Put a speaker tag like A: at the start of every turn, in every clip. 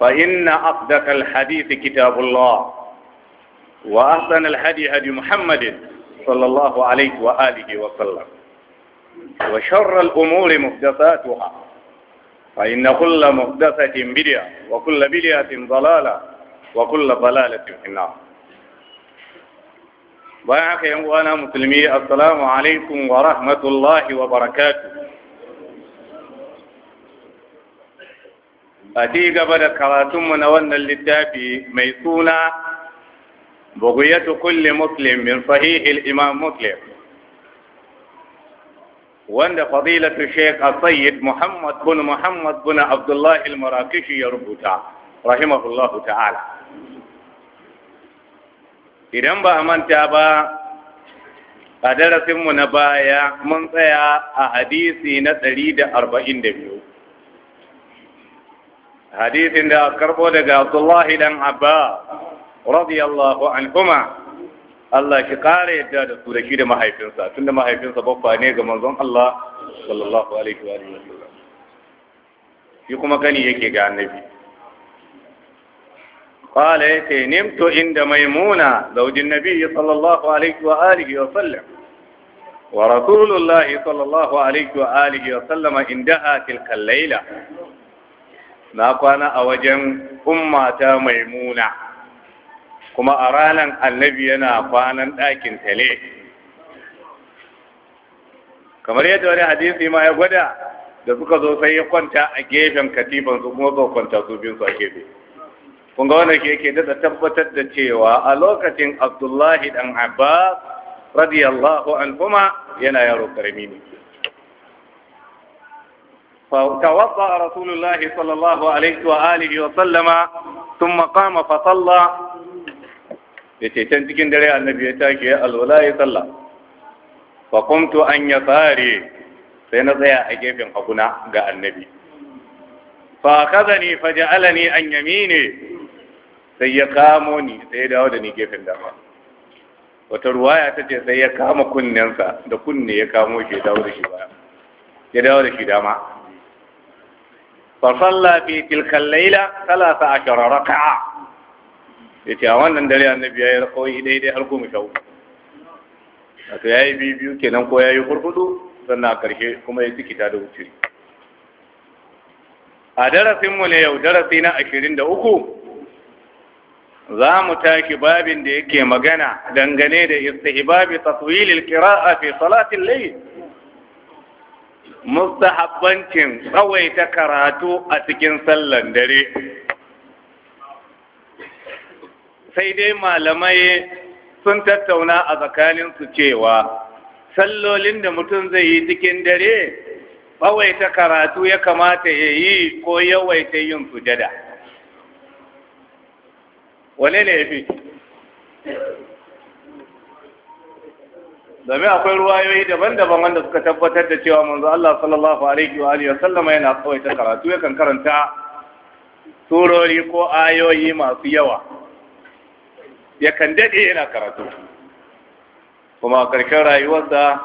A: فإن أصدق الحديث كتاب الله وأحسن الحديث هدي محمد صلى الله عليه وآله وسلم وشر الأمور محدثاتها فإن كل محدثة بدعة وكل بدعة ضلالة وكل ضلالة في النار بارك يا مسلمي السلام عليكم ورحمة الله وبركاته a gaba da karatunmu na wannan littafi mai suna bugiyatu kulli muslim min sahihil imam muslim wanda fadilatu sheikh sayyid muhammad bin muhammad bin abdullah al-marakishi ya rubuta ta'ala idan ba a manta ba a darasinmu na baya mun tsaya a hadisi na ɗari da arba'in da biyu. hadisin da karbo daga abdullahi dan abba radiyallahu anhuma Allah shi kare yadda da su da shi da mahaifinsa tunda mahaifinsa babba ne ga manzon Allah sallallahu alaihi wa sallam shi kuma gani yake ga annabi qala yace nimtu inda maimuna zawjin nabi sallallahu alaihi wa alihi wa sallam wa ورسول الله alaihi wa عليه وآله وسلم عندها تلك Layla. na kwana a wajen ummata mai muna, kuma a ranar annabi yana kwanan ɗakin tale kamar yadda wani hadisi ma ya gwada da suka zo sai ya kwanta a gefen katifan su kuma zuwa kwanta su biyu su a gefe kun ga wanda yake daɗa tabbatar da cewa a lokacin abdullahi dan abbas radiyallahu anhuma yana yaro karami ne فتوضأ رسول الله صلى الله عليه وآله وسلم ثم قام فصلى yace can cikin dare annabi ya take ya alwala ya salla fa qumtu an yasari sai na tsaya a gefen hakuna ga annabi fa akhadhani fa ja'alani an yamini sai ya kamo ni sai ya dawo da ni gefen dama wata ruwaya ta ce sai ya kama kunnensa da kunne ya kamo ya dawo da shi dama fasalla fi tilkan laila talata ashara raka'a yace a wannan dare annabi yayi rakoi daidai har goma sha uku wato yayi biyu biyu kenan ko yayi hurhudu sannan a kuma ya tikita da wuce a darasin ne yau darasi na ashirin da uku za mu tashi babin da yake magana dangane da istihbabi taswilil qira'a fi salatin layl mustahabbancin tsawaita karatu a cikin sallan dare sai dai malamai sun tattauna a tsakanin su cewa sallolin da mutum zai yi cikin dare tsawaita karatu ya kamata ya yi ko yawaita yin sujada wane ne fi domin akwai ruwayoyi daban-daban wanda suka tabbatar da cewa manzo Allah sallallahu alaihi wa alihi wasallama yana ta karatu yakan karanta surori ko ayoyi masu yawa yakan dade yana karatu kuma karshen rayuwarsa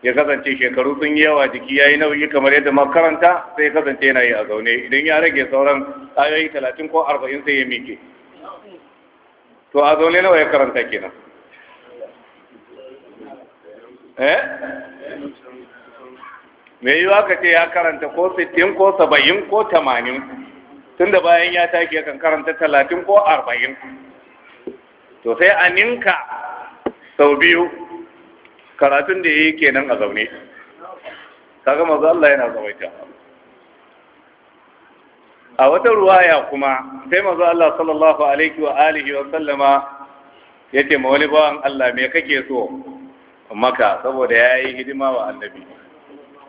A: ya kasance shekaru sun yi yawa jiki ya yi nauyi kamar yadda makaranta sai ya kasance yana yi a zaune idan ya rage sauran ayoyi talatin ko arba'in sai ya mike to a zaune nawa ya karanta kenan eh mai yiwa ka ce ya karanta ko sittin ko saba'in ko tamanin tunda bayan ya take kan karanta talatin ko arba'in to sai a ninka sau biyu karatun da ya yi kenan a zaune kaga gama Allah yana zawaita a wata ruwaya kuma sai mazu Allah sallallahu alaihi wa alihi wa sallama ya ce ma wani bawan Allah me kake so maka saboda ya yi hidima wa annabi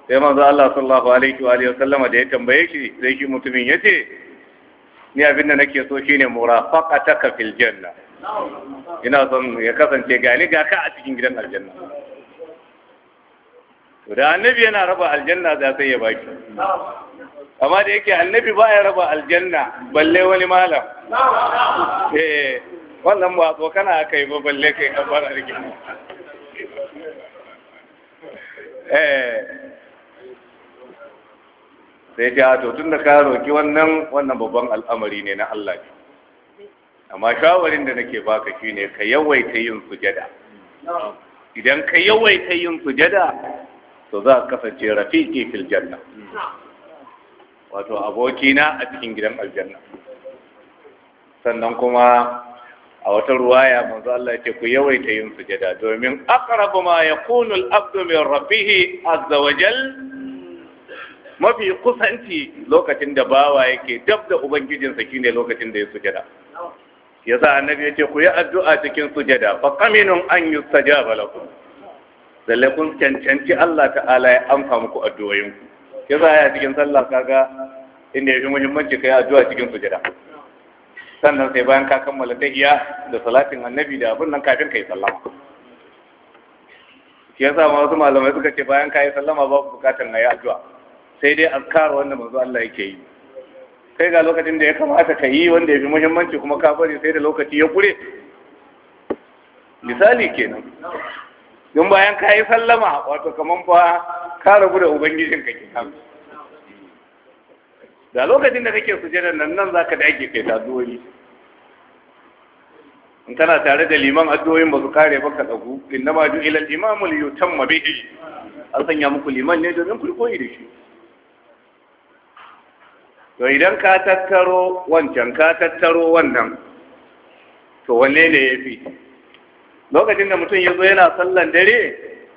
A: sai manzo Allah sallallahu alaihi wa alihi wasallam da ya tambaye shi sai shi mutumin yace ni abin da nake so shine murafaqataka fil janna ina son ya kasance gani ga ka a cikin gidan aljanna to da annabi yana raba aljanna za sai ya baki amma da yake annabi ba ya raba aljanna balle wani malam eh wannan ba tsokana aka yi ba balle kai kan fara rikin Eh. sai ta to tun da ka roki wannan wannan babban al'amari ne na Allah ne amma shawarin da nake baka shine ka yawaita yin sujada idan ka yawaita yin sujada to za ka kasance rafiqi fil janna wato abokina a cikin gidan aljanna sannan kuma a wata ruwaya manzo Allah yake ku yawaita yin sujada domin aqrabu ma yakunu al-abdu min rabbih azza wa jal mafi kusanci lokacin da bawa yake dab da ubangijinsa shine lokacin da ya sujada yasa annabi yake ku yi addu'a cikin sujada fa qaminun an yustajaba lakum lalle kun cancanci Allah ta'ala ya amfa muku addu'oyinku yasa ya cikin sallah kaga inda yafi muhimmanci kai addu'a cikin sujada sannan sai bayan ka kammala tahiya da salatin annabi da abin nan kafin ka yi sallama shi yasa ma wasu malamai suka ce bayan ka yi sallama babu bukatar na yi addu'a sai dai azkar wanda manzo Allah yake yi kai ga lokacin da ya kamata ka yi wanda ya fi muhimmanci kuma ka bari sai da lokaci ya kure misali kenan don bayan ka yi sallama wato kaman fa ka rabu da ubangijin ka kenan da lokacin da kake sujada nan nan zaka dage kai ta in kana tare da liman addu'o'in ba su kare ba ka dagu inna ma ju ila al-imam li yutamma bihi an sanya muku liman ne domin ku koyi da shi to idan ka tattaro wancan ka tattaro wannan to wanne ne yafi lokacin da mutum ya zo yana sallan dare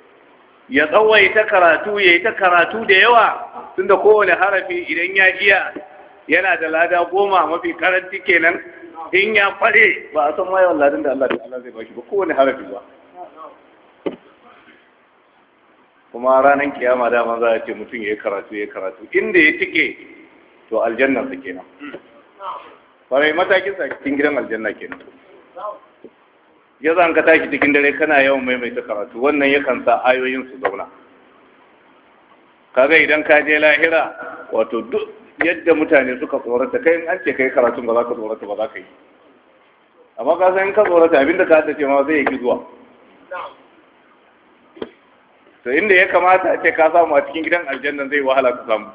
A: ya tsawaita karatu ya yi ta karatu da yawa tunda kowane harafi idan ya iya yana da lada goma mafi karanti kenan in ya ba a san waye yawan ladin da Allah da Allah zai baki ba kowane harafi ba kuma ranar kiyama dama za a ce mutum ya yi karatu ya yi karatu inda ya tike to aljanna su kenan yi matakin sa cikin gidan aljanna kenan ya zan ka tashi cikin dare kana yawan maimaita karatu wannan yakan sa ayoyin su zauna kaga idan ka je lahira wato duk yadda mutane suka tsorata kai in an ce kai karatun ba za ka tsorata ba za ka yi amma ka san in ka tsorata abinda ka ta ce ma zai yi zuwa to inda ya kamata a ce ka samu a cikin gidan aljannan zai wahala ka samu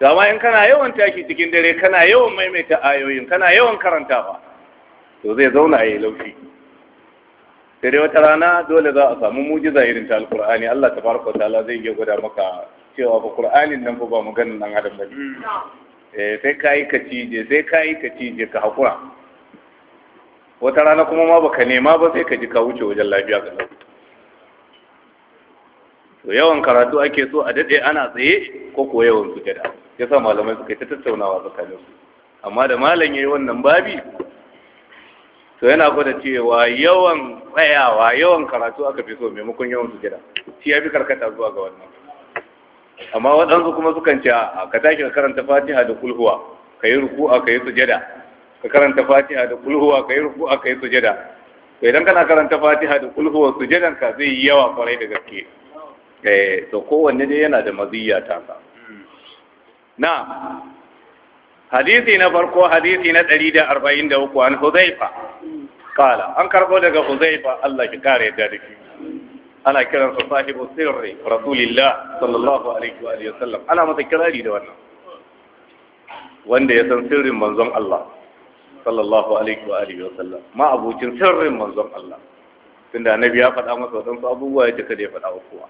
A: dama in kana yawan taki cikin dare kana yawan maimaita ayoyin kana yawan karantawa to zai zauna a yi laushi sai dai wata rana dole za a samu mujiza irin ta alkur'ani Allah tabaraka ta'ala zai iya gwada maka cewa ba qur'anin nan ba maganin dan adam ba eh, sai kai ka cije sai kai ka cije ka hakura wata rana kuma ma baka nema ba sai ka ji ka wuce wajen lafiya ga lafiya to yawan karatu ake so a dade ana tsaye ko ko yawan sujada yasa malamai suka ta tattaunawa tsakanin su amma da malam yayi wannan babi to yana gwada cewa yawan tsayawa yawan karatu aka fi so maimakon yawan sujada shi ya fi karkata zuwa ga wannan amma waɗansu kuma sukan ce a ka tashi ka karanta fatiha da kulhuwa ka yi ruku a ka yi sujada ka karanta fatiha da kulhuwa ka yi ruku a ka yi sujada to idan kana karanta fatiha da kulhuwa sujadan ka zai yi yawa kwarai da gaske eh to kowanne dai yana da maziyya ta sa na hadisi na farko hadisi na 143 an huzaifa kala an karbo daga huzaifa Allah ki kare da dake ana kiransa sahibu sirri rasulillah sallallahu alaihi wa alihi wasallam ana masa kirari da wannan wanda ya san sirrin manzon Allah sallallahu alaihi wa alihi wasallam ma abucin sirrin manzon Allah tunda annabi ya faɗa masa wadansu abubuwa ya ce kada ya faɗa wa kowa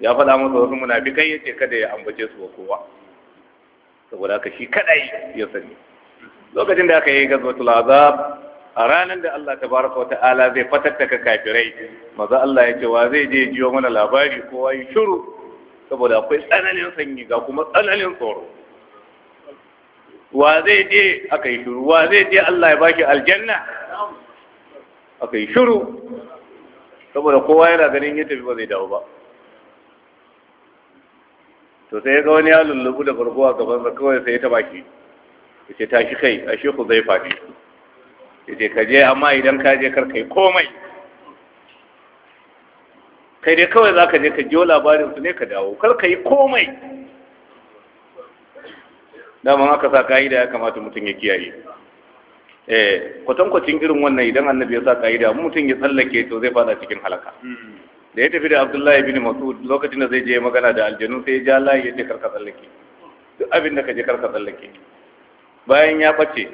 A: ya faɗa masa wasu munafikai ce kada ya ambace su wa kowa saboda ka shi kadai ya sani lokacin da aka yi gazwatul azab a ranar da Allah baraka wa ta'ala zai fatattaka kafirai maza Allah ya ce wa zai je jiyo mana labari kowa yi shiru saboda akwai tsananin sanyi ga kuma tsananin tsoro wa zai je aka yi shiru wa zai je Allah ya baki aljanna aka yi shiru saboda kowa yana ganin ya tafi ba zai dawo ba to sai ga wani ya lullubu da farko a gabansa kawai sai ta baki ya ce tashi kai ashe ku zai fadi. yace ka je amma idan ka je kar kai komai kai dai kawai zaka je ka jiyo labarin su ne ka dawo kar ka yi komai daman aka sa ka'ida ya kamata mutum ya kiyaye eh kwatankwacin irin wannan idan annabi ya sa ka'ida mutum ya tsallake to zai fada cikin halaka da ya tafi da abdullahi bin masud lokacin da zai je magana da aljanu sai ya ja layi ya ce karka tsallake duk abin da ka je karka tsallake bayan ya ɓace.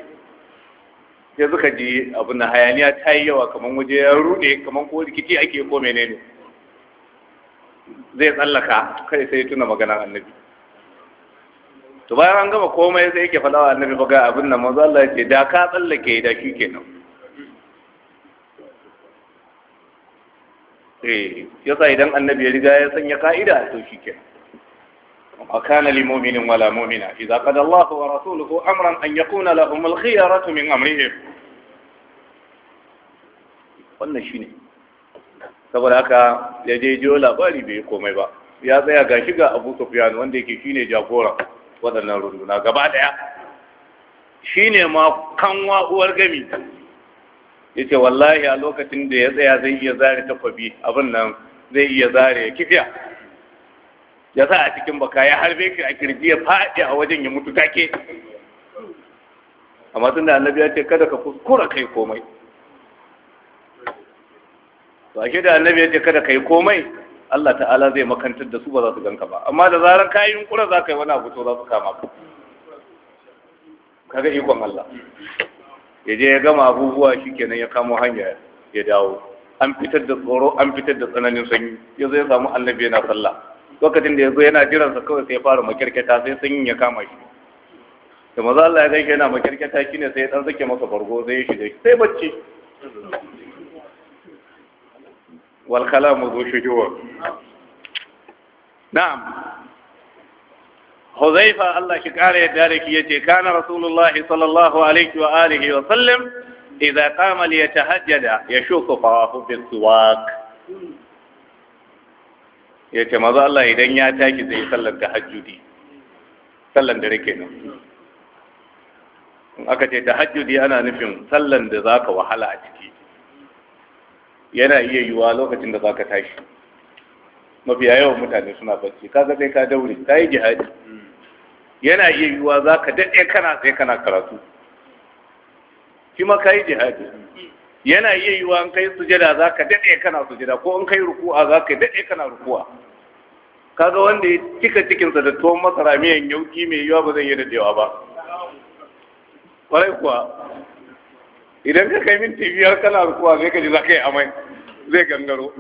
A: sai suka ji abin na hayaniya ta yi yawa kamar waje ya rude kamar ko rikici ake ko menene zai tsallaka kai sai tuna maganar annabi to bayan an gama komai sai yake faɗa wa annabi faga abin nan manzo Allah ya ce da ka tsallake da shi kenan eh yasa idan annabi ya riga ya sanya ka'ida to shi kenan وما كان لمؤمن ولا مؤمنة إذا قد الله ورسوله أمرا أن يكون لهم الخيارة من أمرهم wannan shi ne. saboda haka ya je jiyo labari bai komai ba ya tsaya ga shiga Abu Sufyan wanda yake ne jagora waɗannan runduna gaba ɗaya. Shi ne ma kanwa uwar gami Ya ce wallahi a lokacin da ya tsaya zai iya zare takwabi abin nan zai iya zare kifiya ya sa a cikin baka ya harbe shi a kirji ya faɗi a wajen ya mutu take amma tun da annabi ya ce kada ka kuskura kai komai ba shi da annabi ya ce kada ka yi komai Allah ta'ala zai makantar da su ba za su ganka ba amma da zarar ka yi yunkura za ka yi wani abu to za su kama ka kaga ikon Allah ya je ya gama abubuwa shi kenan ya kamo hanya ya dawo an fitar da tsoro an fitar da tsananin sanyi ya zai samu annabi yana sallah lokacin da ya zo yana jiransa kawai sai ya fara makirketa sai sun ya kama shi da maza Allah ya zai shi yana makirketa ne sai ya dan zake masa bargo sai ya shige sai bacci wal kalamu zu shujuwa na'am Huzaifa Allah shi kare yadda da ki yace kana Rasulullah sallallahu alaihi wa alihi wa sallam idza qama li yatahajjada yashuqu fawahu bis suwak ya ce mazu Allah idan ya taki zai sallar ta hajjudi sallan dare kenan in aka ce ta hajjudi ana nufin sallan da za ka wahala a ciki yana iya yiwuwa lokacin da za ka tashi mafi yawan mutane suna bacci kaga sai ka daure ka yi jihadi yana iya yiwuwa za ka daɗe kana sai kana karatu shi ma ka yi jihadi yana iya yiwa an kai sujada za ka daɗe kana sujada ko an kai ruku'a za ka daɗe kana ruku'a kaga wanda ya cika cikinsa da tuwon masara miyan yauki mai yiwa ba zai yi daɗewa ba ƙwarai kuwa idan ka kai minti biyar kana rukuwa sai ka ji za ka yi amai zai gangaro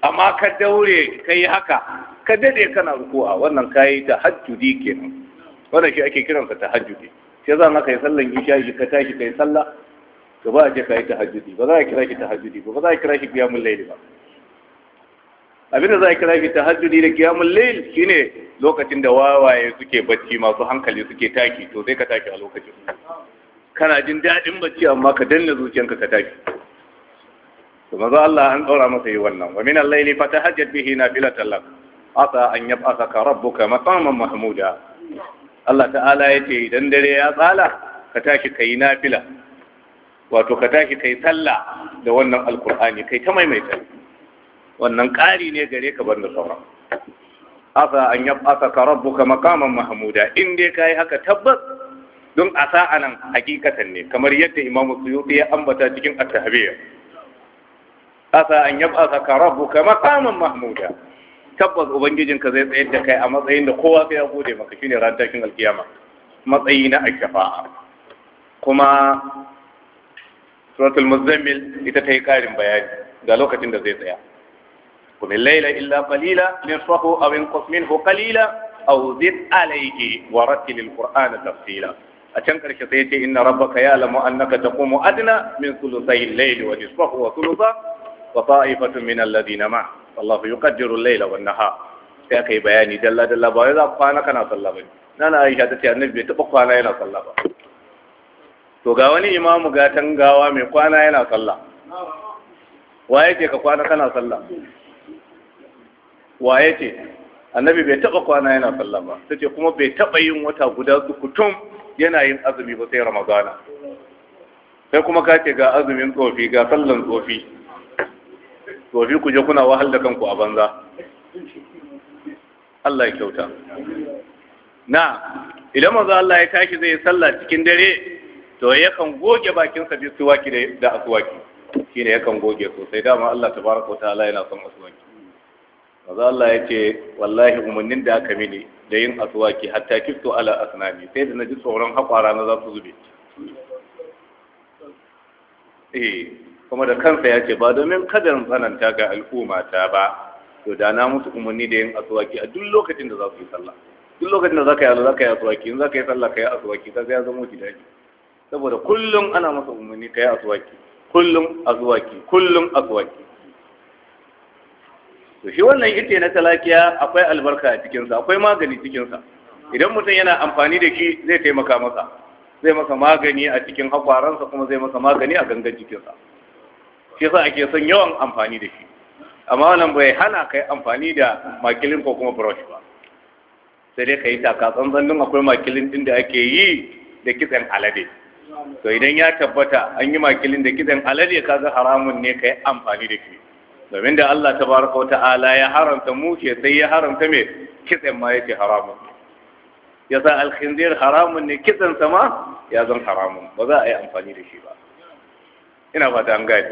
A: amma ka daure ka yi haka ka daɗe kana rukuwa wannan ka yi tahajjudi kenan wannan shi ake kiransa tahajjudi sai za ka yi sallan isha shi ka tashi kai sallah da ba a je ka kai tahajjudi ba za a kira ki tahajjudi ba ba za a kira ki qiyamul layl ba abin da za a kira ki tahajjudi da qiyamul layl shine lokacin da wawaye suke bacci masu hankali suke taki to sai ka taki a lokacin kana jin daɗin bacci amma ka danna zuciyanka ka taki to maza Allah an tsora masa yi wannan wa min al-layli fatahajjat bihi nafilatan lak asa an yab'athaka rabbuka maqaman mahmuda Allah ta'ala yace idan dare ya tsala ka tashi kai nafila wato ka tashi kai sallah da wannan alkur'ani kai ta maimaita wannan ƙari ne gare ka bar da sauran asa an yab'asa ka rabu ka makaman mahmuda in dai yi haka tabbas don asa nan hakikatan ne kamar yadda imamu suyuti ya ambata cikin at-tahbir asa an yab'asa ka rabbuka maqaman mahmuda tabbas ubangijin ka zai tsayar da kai a matsayin da kowa sai ya gode maka shine ran tashin alkiyama matsayi na al kuma suratul muzammil ita ta yi ƙarin bayani ga lokacin da zai tsaya kuma laila illa qalila nisfahu aw inqus minhu qalila aw zid alayhi wa rattil alqur'ana tafsila a can karshe sai ce inna rabbaka ya'lamu annaka taqumu adna min thuluthay al-layli wa nisfahu wa thulutha wa ta'ifatun min alladhina ma Allah yuqaddiru al-layla wan nahar sai aka yi bayani dalla dalla ba wai za kwana kana sallah ba nana Aisha ta ce annabi bai taba kwana yana sallah ba to ga wani imamu ga tangawa mai kwana yana sallah waye ce ka kwana kana sallah waye ce annabi bai taba kwana yana sallah ba sai kuma bai taba yin wata guda kutum yana yin azumi ba sai ramadana sai kuma ka ce ga azumin tsofi ga sallan tsofi tsofi ku je kuna wahal da kanku a banza Allah ya kyauta na idan manzo Allah ya tashi zai sallah cikin dare to yakan goge bakinsa bi suwaki da ne ya yakan goge sosai dama Allah tabaraka wa ta'ala yana son asuwaki. maza Allah ya ce wallahi umarnin da aka mini da yin asuwaki, hatta kifto ala asnani sai da na ji tsoron haƙwara na za su zube eh kuma da kansa ya ce ba domin kadarin tsananta ga al'umma ta ba to da na musu umarni da yin asuwaki a duk lokacin da za su yi sallah duk lokacin da za ka yi za ka yi aswaki in za ka yi sallah ka yi aswaki ka ya zama wajibi saboda kullum ana masa umarni ka yi asuwaki kullum asuwaki kullum asuwaki to shi wannan ite na talakiya akwai albarka a cikinsa akwai magani cikinsa idan mutum yana amfani da shi zai taimaka masa zai masa magani a cikin hakwaransa kuma zai masa magani a gangan cikinsa. shi yasa ake son yawan amfani da shi amma wannan bai hana kai amfani da makilin ko kuma brush ba sai dai ka yi taka tsantsan din akwai makilin din da ake yi da kitsen alade to idan ya tabbata an yi makilin da kidan alade kaga haramun ne kai amfani da shi domin da Allah tabaraka ta'ala ya haramta mushe sai ya haramta me kitsen ma yake haramun sa alkhinzir haramun ne kitsen sama ya zan haramun ba za a yi amfani da shi ba ina fata an gane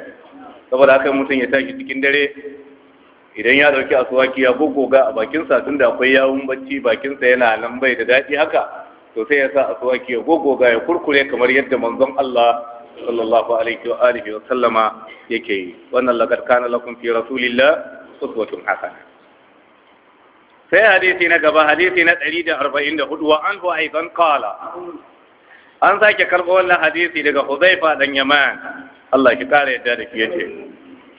A: saboda haka mutum ya tashi cikin dare idan ya dauki asuwaki ya gogoga a sa tunda akwai yawun bacci bakinsa yana nan bai da daɗi haka to sai ya sa a tsuwaki ya gogoga ya kurkure kamar yadda manzon Allah sallallahu alaihi wa alihi wa sallama yake yi wannan laqad kana lakum fi rasulillah uswatun hasana sai hadisi na gaba hadisi na 144 wa anhu aidan qala an sake karbo wannan hadisi daga Huzaifa dan Yaman Allah ki kare yadda da ki yace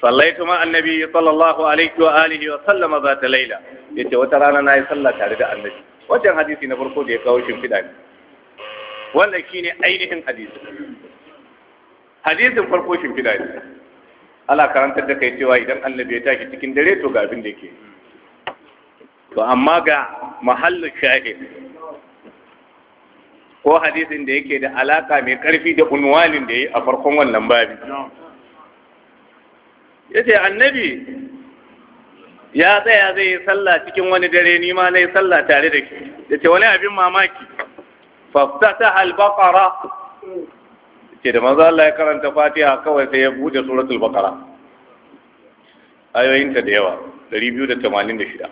A: sallaitu ma annabi sallallahu alaihi wa alihi wa sallama zata laila yace wata rana nayi sallah tare da annabi wajen hadisi na farko da ya kawo shimfiɗa ne wannan shine ainihin hadisi hadisin farko shimfiɗa ne ala karantar da kai cewa idan annabi ya tashi cikin dare to ga abin da yake to amma ga mahallin shahid ko hadisin da yake da alaka mai karfi da unwanin da ya yi a farkon wannan babi ya ce annabi ya tsaya zai yi sallah cikin wani dare ni ma na yi sallah tare da shi Da ce wani abin mamaki fafta ta baqara ce da manzo Allah ya karanta Fatiha kawai sai ya buɗe suratul baqara ayoyinta da yawa 286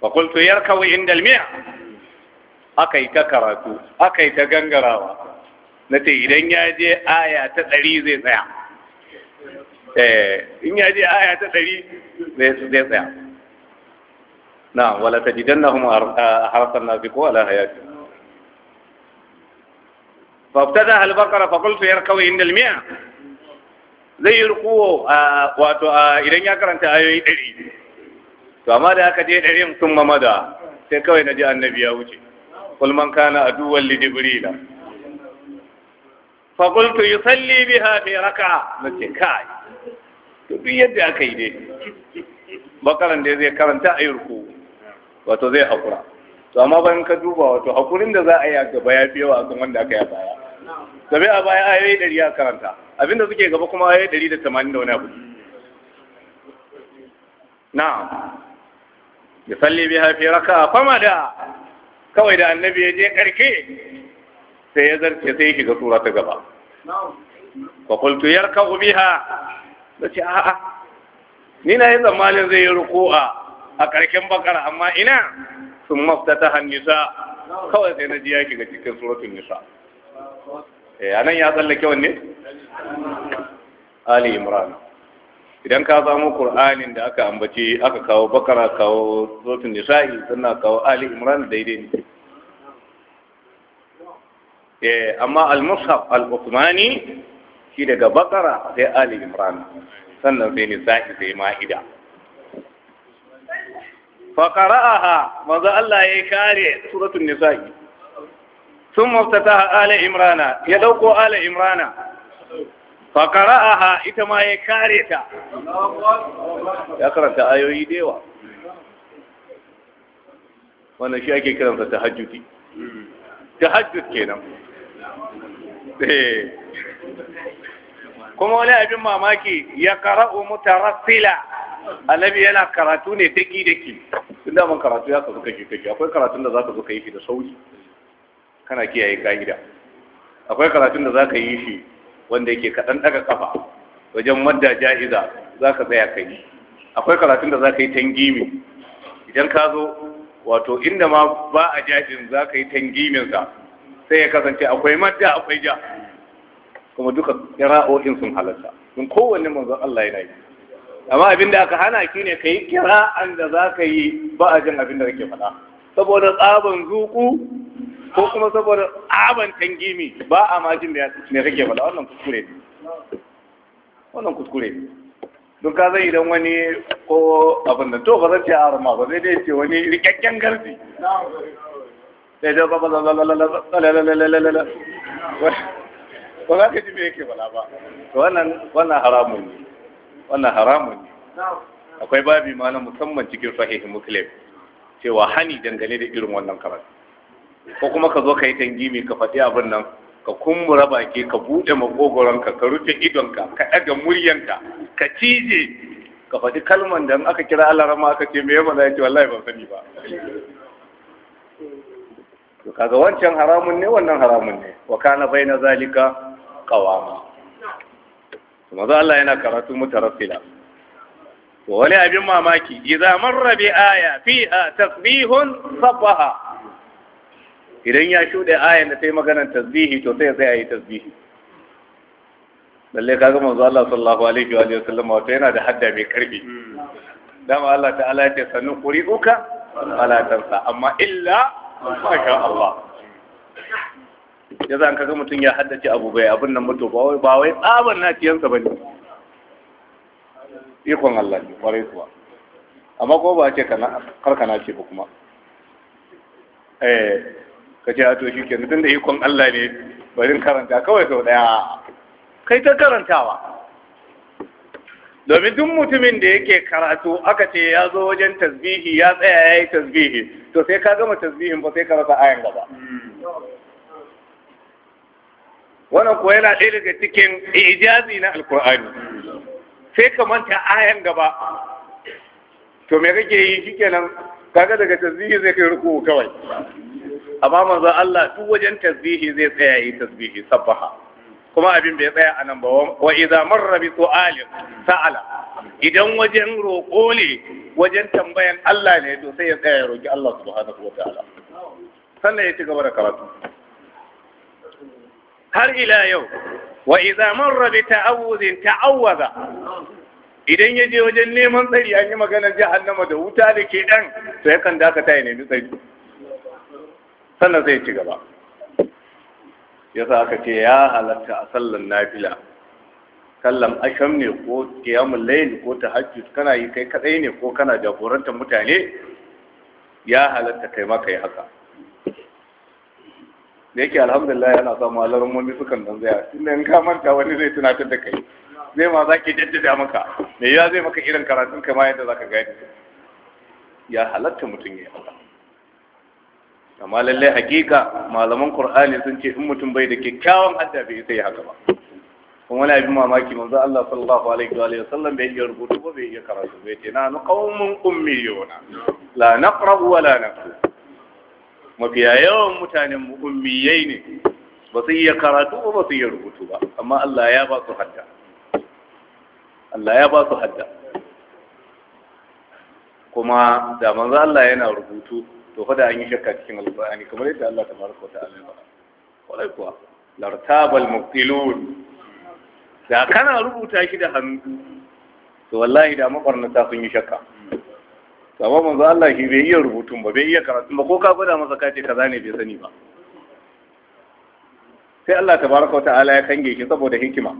A: fa qultu yarkawu inda al-mi'a akai ta karatu akai ta gangarawa nace idan ya je aya ta 100 zai tsaya Eh, in ya je aya ta ɗari zai tsaya na wala ta jidan na kuma harsan na fi ko ala hayati faftada halbakara fakultu yar kawai inda miya zai yi rukuwo a wato a idan ya karanta ayoyi ɗari to amma da aka je ɗarin sun mamada sai kawai na ji annabi ya wuce kulman kana a duwan lijibrila fakultu yi salli biha fi raka na ce kai to duk yadda aka yi dai bakaran da zai karanta a yurku wato zai hakura to amma bayan ka duba wato hakurin da za a yi a gaba ya fi yawa kan wanda aka yi a baya sabi a baya ayoyi dari ya karanta abinda suke gaba kuma ayoyi dari da tamanin da wani abu na Ya salli bi hafi raka kwama da kawai da annabi ya je karke sai ya zarce sai ya shiga tura ta gaba fa qultu yarka'u biha da ce a'a ni na yi tsammanin zai yi rukowa a ƙarshen bakara amma ina sun mafta ta hannisa kawai sai na ji ya ga cikin surutun nisa eh, A anan ya tsallake wanne ali imran idan ka samu Kur'anin da aka ambaci aka kawo bakara kawo suratul nisa'i sannan kawo ali imran daidai ne eh, amma al-mushaf al-uthmani shi daga bakara sai ali imran sannan sai nisa'i sai ma'ida fa qara'aha manzo Allah ya kare suratul nisa'i sun maftataha ali imrana ya dauko ali imrana fa qara'aha ita ma ya kare ta ya karanta ayoyi d'ewa wannan shi ake kiransa tahajjudi tahajjud kenan eh kuma wani abin mamaki ya kara'u mutarassila annabi yana karatu ne daki daki tun mun karatu ya kasu kake kake akwai karatun da zaka zo ka yi shi da sauri kana kiyaye ka'ida akwai karatun da zaka yi shi wanda yake kaɗan daga kafa wajen madda ja'iza zaka tsaya ka yi akwai karatun da zaka yi tangimi idan ka zo wato inda ma ba a jajin zaka yi tangimin sa sai ya kasance akwai madda akwai ja kuma duka kira'o'in sun halatta sun kowanne manzo Allah ya yi amma abin da aka hana ki ne ka yi kira'an da za ka yi ba a jin abin da kake faɗa saboda tsaban zuku ko kuma saboda tsaban tangimi ba a ma jin da ne kake faɗa wannan kuskure ne wannan kuskure ne don ka zai idan wani ko abin da to ba zai ce a rama ba zai dai ce wani rikakken garbi sai dai ba ba la la la la la la la ko za ka ji me yake bala ba to wannan wannan haramun ne wannan haramun ne akwai babi ma na musamman cikin sahih muslim cewa hani dangane da irin wannan karatu ko kuma ka zo ka yi tangimi ka faɗi abin nan ka kumbura baki ka buɗe makogoronka ka rufe idonka ka ɗaga muryanka ka cije ka faɗi kalman da aka kira alarama aka ce me yamma ya ce wallahi ban sani ba kaga wancan haramun ne wannan haramun ne wa kana na zalika kawama manzo Allah yana karatu mutarassila to wani abin mamaki idza marra bi aya fiha tasbihun sabbaha idan ya shude ayan da sai maganar tasbihi to sai sai yi tasbihi lalle kaga manzo Allah sallallahu alaihi wa alihi sallama. wato yana da hadda mai karfi dama Allah ta'ala ya ce sanu quri'uka fala tansa amma illa
B: ma Allah
A: ya za kaga mutum ya haddace abu bai abin nan mutu ba wai na naciyansa ba ne ikon Allah ne kwarai kuwa amma ko ba ce karkana ce ba kuma eh ka ce hato ah, shi kenan da ikon Allah ne bari karanta kawai sau daya kai ta karantawa domin duk mutumin da yake karatu aka ce ya zo wajen tasbihi ya tsaya ya yi tasbihi to sai ka gama tasbihin ba sai ka rasa ayan gaba
B: wannan kuwa yana ɗaya
A: daga cikin ijazi na alkur'ani sai ka manta ayan gaba to me kake yi shikenan kaga daga tasbihi zai kai ruku kawai amma manzo Allah duk wajen tasbihi zai tsaya yi tasbihi sabbaha kuma abin bai tsaya a nan ba wa idza marra bi su'alin sa'ala idan wajen roƙo ne wajen tambayan Allah ne to sai ya tsaya ya roki Allah subhanahu wataala sannan ya ci gaba da karatu har ila yau wa idza marra bi ta'awuzin ta'awwaza idan ya je wajen neman tsari an yi maganar jahannama da wuta da ke dan to yakan dakata ya nemi tsari sannan zai ci gaba yasa aka ce ya halatta a sallan nafila kallam asham ne ko qiyamul layl ko hajji kana yi kai kadai ne ko kana jagorantar mutane ya halatta kai ma kai haka da yake alhamdulillah yana samu alarin wani sukan dan zaya tunda in ka manta wani zai tunatar da kai zai ma zaki jaddada maka me ya zai maka irin karatun kama yadda zaka gani ya halatta mutum ya haka amma lallai hakika malaman qur'ani sun ce in mutum bai da kyakkyawan hadda bai sai haka ba kuma wani abin mamaki manzo Allah sallallahu alaihi wa alihi wasallam bai iya rubutu ba bai iya karatu bai ce na nu qaumun ummiyuna la naqra wa la naktub mafiya yawan mutanen mu ummiyai ne ba su iya karatu ba su iya rubutu ba amma Allah ya ba su hadda Allah ya ba su hadda kuma da manzo Allah yana rubutu to fa da an yi shakka cikin alqur'ani kamar yadda Allah tabaraka wa ta'ala ya faɗa wallahi kuwa lartabal mubtilun da kana rubuta shi da hannu to wallahi da mabarnata sun yi shakka amma manzo Allah shi bai iya rubutun ba bai iya karatun ba ko ka gwada masa ka ce kaza ne bai sani ba sai Allah tabaraka wa ta'ala ya kange shi saboda hikima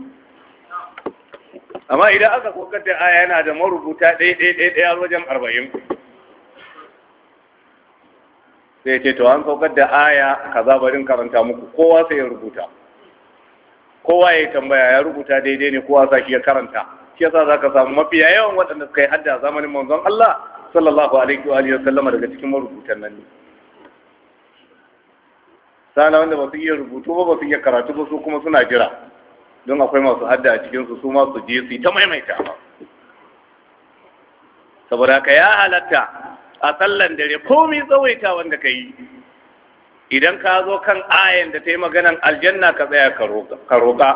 A: amma idan aka kokar da aya yana da marubuta ɗaya ɗaya ɗaya ɗaya wajen arba'in sai ce to an saukar da aya kaza barin karanta muku kowa sai ya rubuta kowa ya tambaya ya rubuta daidai ne kowa sa shi ya karanta shi yasa zaka samu mafiya yawan waɗanda suka yi hadda zamanin manzon Allah sallallahu alaihi wa alihi sallama daga cikin marubutan nan ne sana wanda ba su iya rubutu ba ba su iya karatu ba su kuma suna jira don akwai masu hadda a cikin su su ma su je su ta maimaita ba saboda ka ya halatta a sallan dare ko mi tsawaita wanda ka yi idan ka zo kan ayan da ta yi maganan aljanna ka tsaya ka roƙa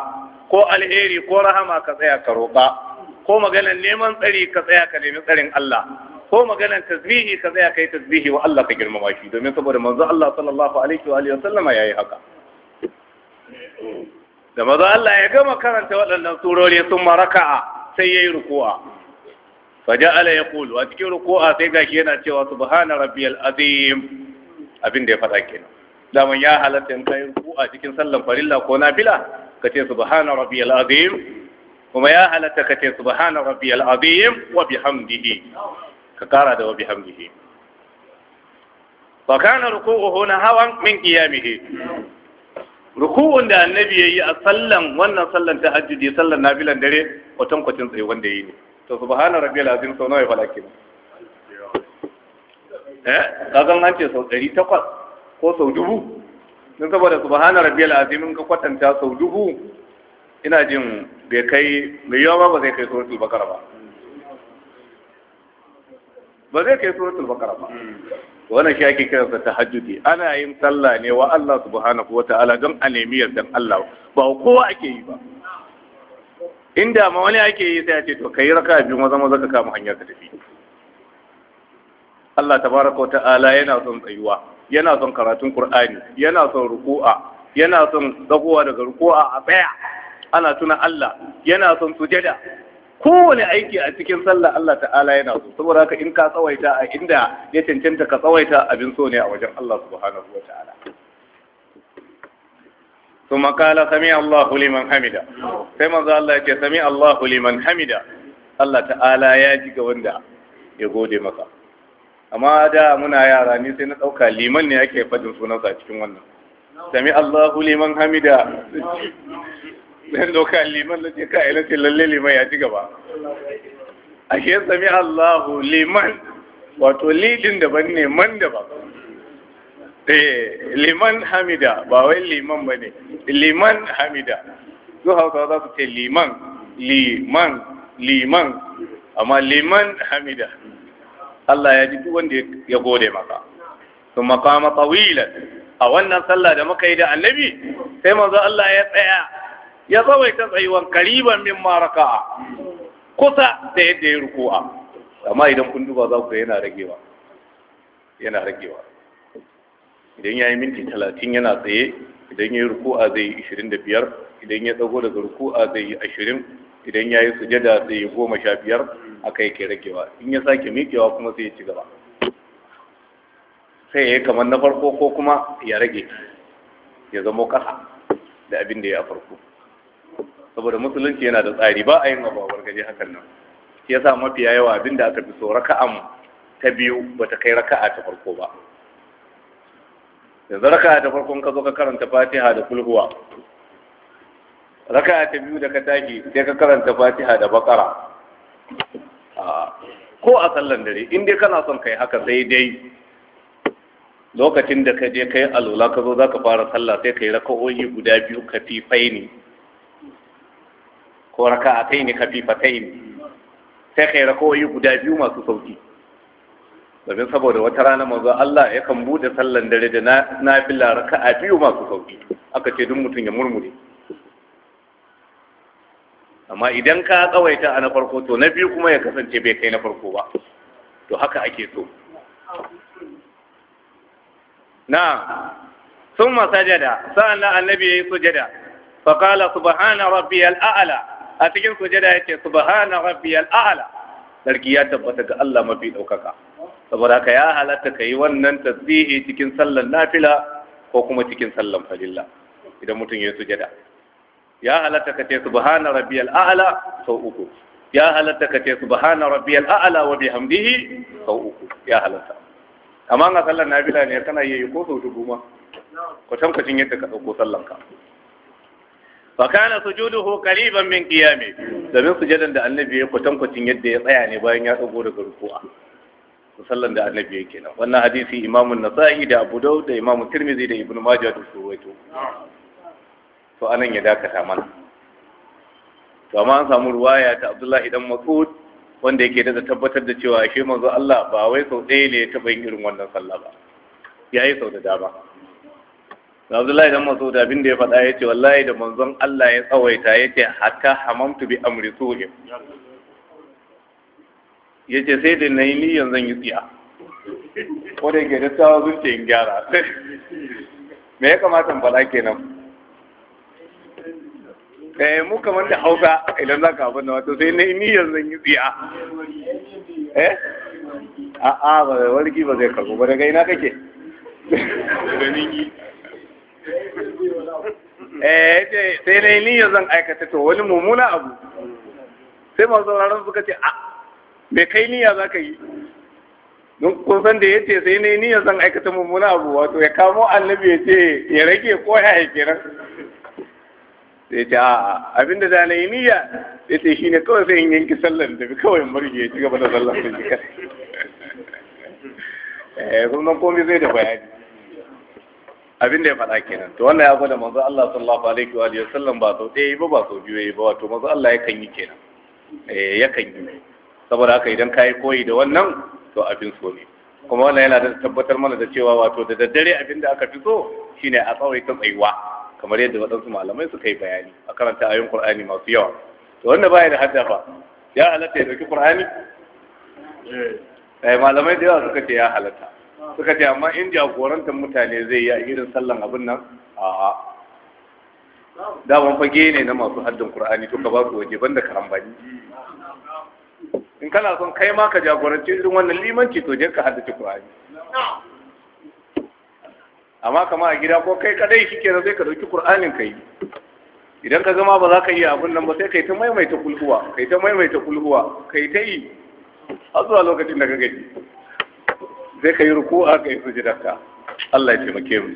A: ko alheri ko rahama ka tsaya ka roƙa ko maganan neman tsari ka tsaya ka nemi tsarin Allah ko maganan tasbihi ka tsaya kai tasbihi wa Allah ka girmama shi domin saboda manzo Allah sallallahu alaihi wa alihi wasallama yayi haka da manzo Allah ya gama karanta waɗannan surori sun maraka'a sai yayi ruku'a faja'ala yaqulu a cikin ruku'a sai gashi yana cewa subhana rabbiyal azim abin da ya faɗa kenan daman ya halatta in kai ruku'a cikin sallan farilla ko nafila kace subhana rabbiyal azim kuma ya halatta kace subhana rabbiyal azim wa bihamdihi ka kara da wabi hamdihi wa kana ruku'uhu na hawan min qiyamihi ruku'un da annabi yayi a sallan wannan sallan ta tahajjudi sallan nafilan dare kwatan kwatin tsaye wanda yayi ne to subhana rabbiyal azim sau nawa ya fada kenan eh kagan an ce sau 800 ko sau dubu dan saboda subhana rabbiyal azim ka kwatanta sau dubu ina jin bai kai mai yawa ba zai kai suratul bakara ba ba zai kai suratul baqara ba wannan shi ake kira sa tahajjudi ana yin sallah ne wa Allah subhanahu wataala don a nemi yardan Allah ba kowa ake yi ba inda ma wani ake yi sai a ce to kai raka biyu maza maza ka kama hanya ka tafi Allah tabaraka wataala yana son tsayuwa yana son karatun Qur'ani yana son ruku'a yana son dagowa daga ruku'a a tsaya ana tuna Allah yana son sujada kowane aiki a cikin sallah Allah ta'ala yana so saboda haka in ka tsawaita a inda ya cancanta ka tsawaita abin so ne a wajen Allah subhanahu wa ta'ala sami Allah سمع Hamida. Sai حمده Allah yake sami allah سمع hamida Allah ta'ala ya ji ga wanda ya gode masa. amma da muna yara ni sai na ɗauka liman ne ake fadin sunansa cikin wannan
B: sami Allah
A: liman hamida zai doka liman da ce ka'ila ce lalle liman ya ci gaba ashe sami Allahu liman wato lidin da ne man da ba eh, liman hamida ba wai liman ba ne. liman hamida zuwa hausa za su ce liman liman liman amma liman hamida Allah ya ji wanda ya gode maka su makama tawilan a wannan sallah da muka yi da annabi sai manzo Allah ya tsaya ya tsawaita tsayuwan kariban min maraka kusa da yadda ya rukuwa amma idan kun duba za ku ga yana ragewa yana ragewa idan ya yi minti talatin yana tsaye idan ya yi rukuwa zai yi ishirin da biyar idan ya tsago daga rukuwa zai yi ashirin idan ya yi sujada zai yi goma sha biyar aka yake ragewa in ya sake miƙewa kuma sai ya ci gaba sai ya yi kamar na farko ko kuma ya rage ya zamo ƙasa da abin da ya farko saboda musulunci yana da tsari ba a yin abu gaji hakan nan shi yasa mafiya yawa abin da aka fi so raka'an ta biyu bata kai raka'a ta farko ba yanzu raka'a ta farko ka zo ka karanta fatiha da kulhuwa raka'a ta biyu da ka tashi sai ka karanta fatiha da bakara ko a sallan dare in dai kana son kai haka sai dai lokacin da ka je kai alula ka zo za ka fara sallah sai ka yi raka'o'i guda biyu ka ne ko raka a kai ne yi ne sai kai rakawai guda biyu masu sauki domin saboda wata rana mazu Allah ya kan bude sallan dare da na fi laraka a biyu masu sauki aka ce duk mutum ya murmure amma idan ka tsawaita a na farko to na biyu kuma ya kasance bai kai na farko ba to haka ake so na sun jada sa'an annabi ya yi sujada faƙala subhana rabbiyal a'ala a cikin sujada yace subhana rabbiyal a'la sarki ya tabbata ga Allah mafi daukaka saboda ka ya halatta kai wannan tasbihi cikin sallar nafila ko kuma cikin sallar farilla idan mutum ya sujada ya halatta ka ce subhana rabbiyal a'la sau uku ya halatta ka ce subhana rabbiyal a'la wa bihamdihi sau uku ya halatta amma ga sallar nafila ne kana yi ko sau dubu ma kwatankwacin yadda ka ɗauko sallanka fa kana sujuduhu qariban min qiyami domin sujudan da annabi ya kwatan kwatin yadda ya tsaya ne bayan ya tsago daga ruku'a musallan da annabi yake nan wannan hadisi an nasa'i da abu daud da imam tirmidhi da ibnu majah su wato to anan ya dakata mana to amma an samu ruwaya ta abdullahi dan mas'ud wanda yake da tabbatar da cewa shi manzo Allah ba wai sau ɗaya ne ya taɓa yin irin wannan sallah ba yayi sau da dama Abdullahi dan da abin da ya faɗa ya ce wallahi da manzon Allah ya tsawaita ya ce hatta hamamtu bi amri suhim ya ce sai da nayi niyan zan yi tsiya ko da yake dattawa sun ce in gyara me ya kamata in faɗa kenan eh mu kamar da Hausa idan za ka abin da wato sai nayi niyan zan yi tsiya eh a'a ba warki ba zai karbo ba daga ina kake
B: ganin yi eh
A: sai na yi niyyar zan aikata to wani mummuna abu sai masu sauraron suka ce a ah, me kai niyya za ka yi kun san da ya ce sai na yi niyyar zan aikata mummuna abu wato ya kamo annabi ya ce ya rage ko ya yi kiran sai ce a ah, abinda da na yi niyya ya ce shi ne kawai sai in yanki sallan da bi kawai murje ya ci gaba da sallan da jikar eh kuma komai zai da bayani abin da ya faɗa kenan to wannan ya gwada manzo Allah sallallahu alaihi wa sallam ba sau ɗaya ba ba sau biyu ba wato manzo Allah yakan yi kenan eh kan yi saboda haka idan kai koyi da wannan to abin so ne kuma wannan yana da tabbatar mana da cewa wato da daddare abin da aka fi so shine a ta tsaiwa kamar yadda waɗansu malamai suka yi bayani a karanta ayoyin Qur'ani masu yawa to wanda baya da haddafa ya halatta ya dauki Qur'ani eh. eh malamai da yawa suka ce ya halatta suka ce amma in jagorantar mutane zai yi a irin sallan abin nan a daman fage ne na masu haddin Kur'ani to ka ba su waje banda karambani in kana son kai ma ka jagoranci irin wannan limanci to je ka haddace Kur'ani amma kama a gida ko kai kadai shi na sai ka dauki Kur'anin yi. idan ka zama ba za ka yi abin nan ba sai kai ta maimaita kulhuwa kai ta maimaita kulhuwa ta yi har zuwa lokacin da ka gaji Zai ka yi ruku'a ka yi sujudarka Allah ya taimake mu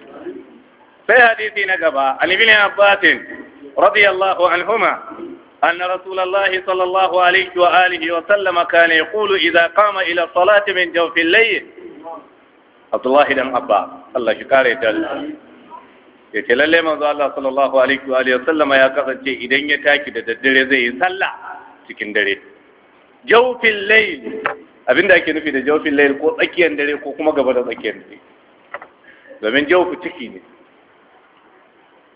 A: sai hadisi na gaba an ibn Abbas radiyallahu anhuma أن رسول alaihi wa الله عليه وآله وسلم كان يقول إذا قام إلى الصلاة من جوف الليل عبد الله بن عباس الله شكاره تعالى yace lalle manzo Allah sallallahu alaihi wa alihi sallama ya kasance idan ya taki da daddare zai yi sallah cikin dare jawfil layl abinda ake nufi da jawfin layl ko tsakiyar dare ko kuma gaba da tsakiyar dare domin jawfi ciki ne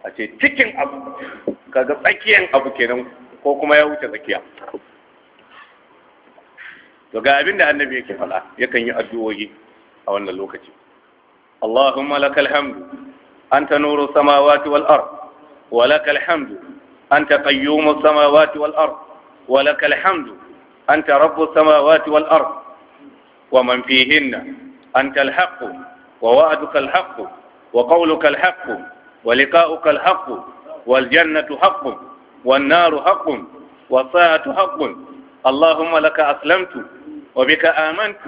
A: a ce cikin abu kaga tsakiyar abu kenan ko kuma ya wuce tsakiya to ga abin da annabi yake faɗa yakan yi addu'o'i a wannan lokaci Allahumma lakal hamdu anta nuru samawati wal ard wa lakal hamdu anta qayyumus samawati wal ard ولك الحمد أنت رب السماوات والأرض ومن فيهن أنت الحق ووعدك الحق وقولك الحق ولقاؤك الحق والجنة حق والنار حق والساعة حق اللهم لك أسلمت وبك آمنت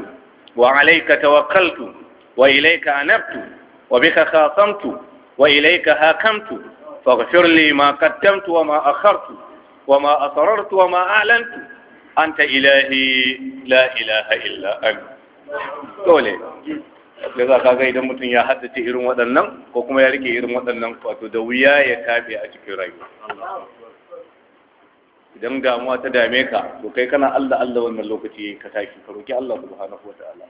A: وعليك توكلت وإليك أنبت وبك خاصمت وإليك هاكمت فاغفر لي ما قدمت وما أخرت وما أسررت وما أعلنت أنت إلهي لا إله إلا أنت dole da za ka ga idan mutum ya haddace irin waɗannan ko kuma ya rike irin waɗannan wato da wuya ya tabe a cikin rayuwa idan damuwa ta dame ka to kai kana Allah Allah wannan lokaci ka tashi ka roki Allah subhanahu wataala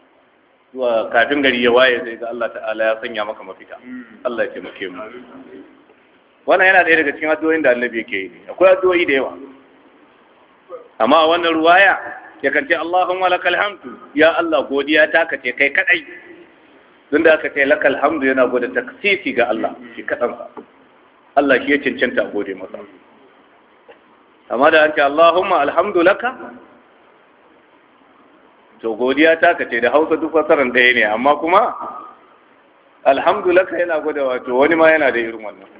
A: zuwa kafin gari ya waye sai ga Allah ta'ala ya sanya maka mafita Allah ya taimake mu wannan yana ɗaya daga cikin addu'o'in da annabi yake yi akwai addu'o'i da yawa amma wannan ruwaya ya kance Allahumma lakal hamdu ya Allah godiya ta ka ce kai kadai don da aka ce lakal hamdu yana gode taksisi ga Allah shi kadansa Allah shi ya cancanta gode masa amma da an ce Allahumma alhamdu laka to godiya ta ka ce da hausa duk fasaran ɗaya ne amma kuma alhamdu laka yana gode wato wani ma yana da irin wannan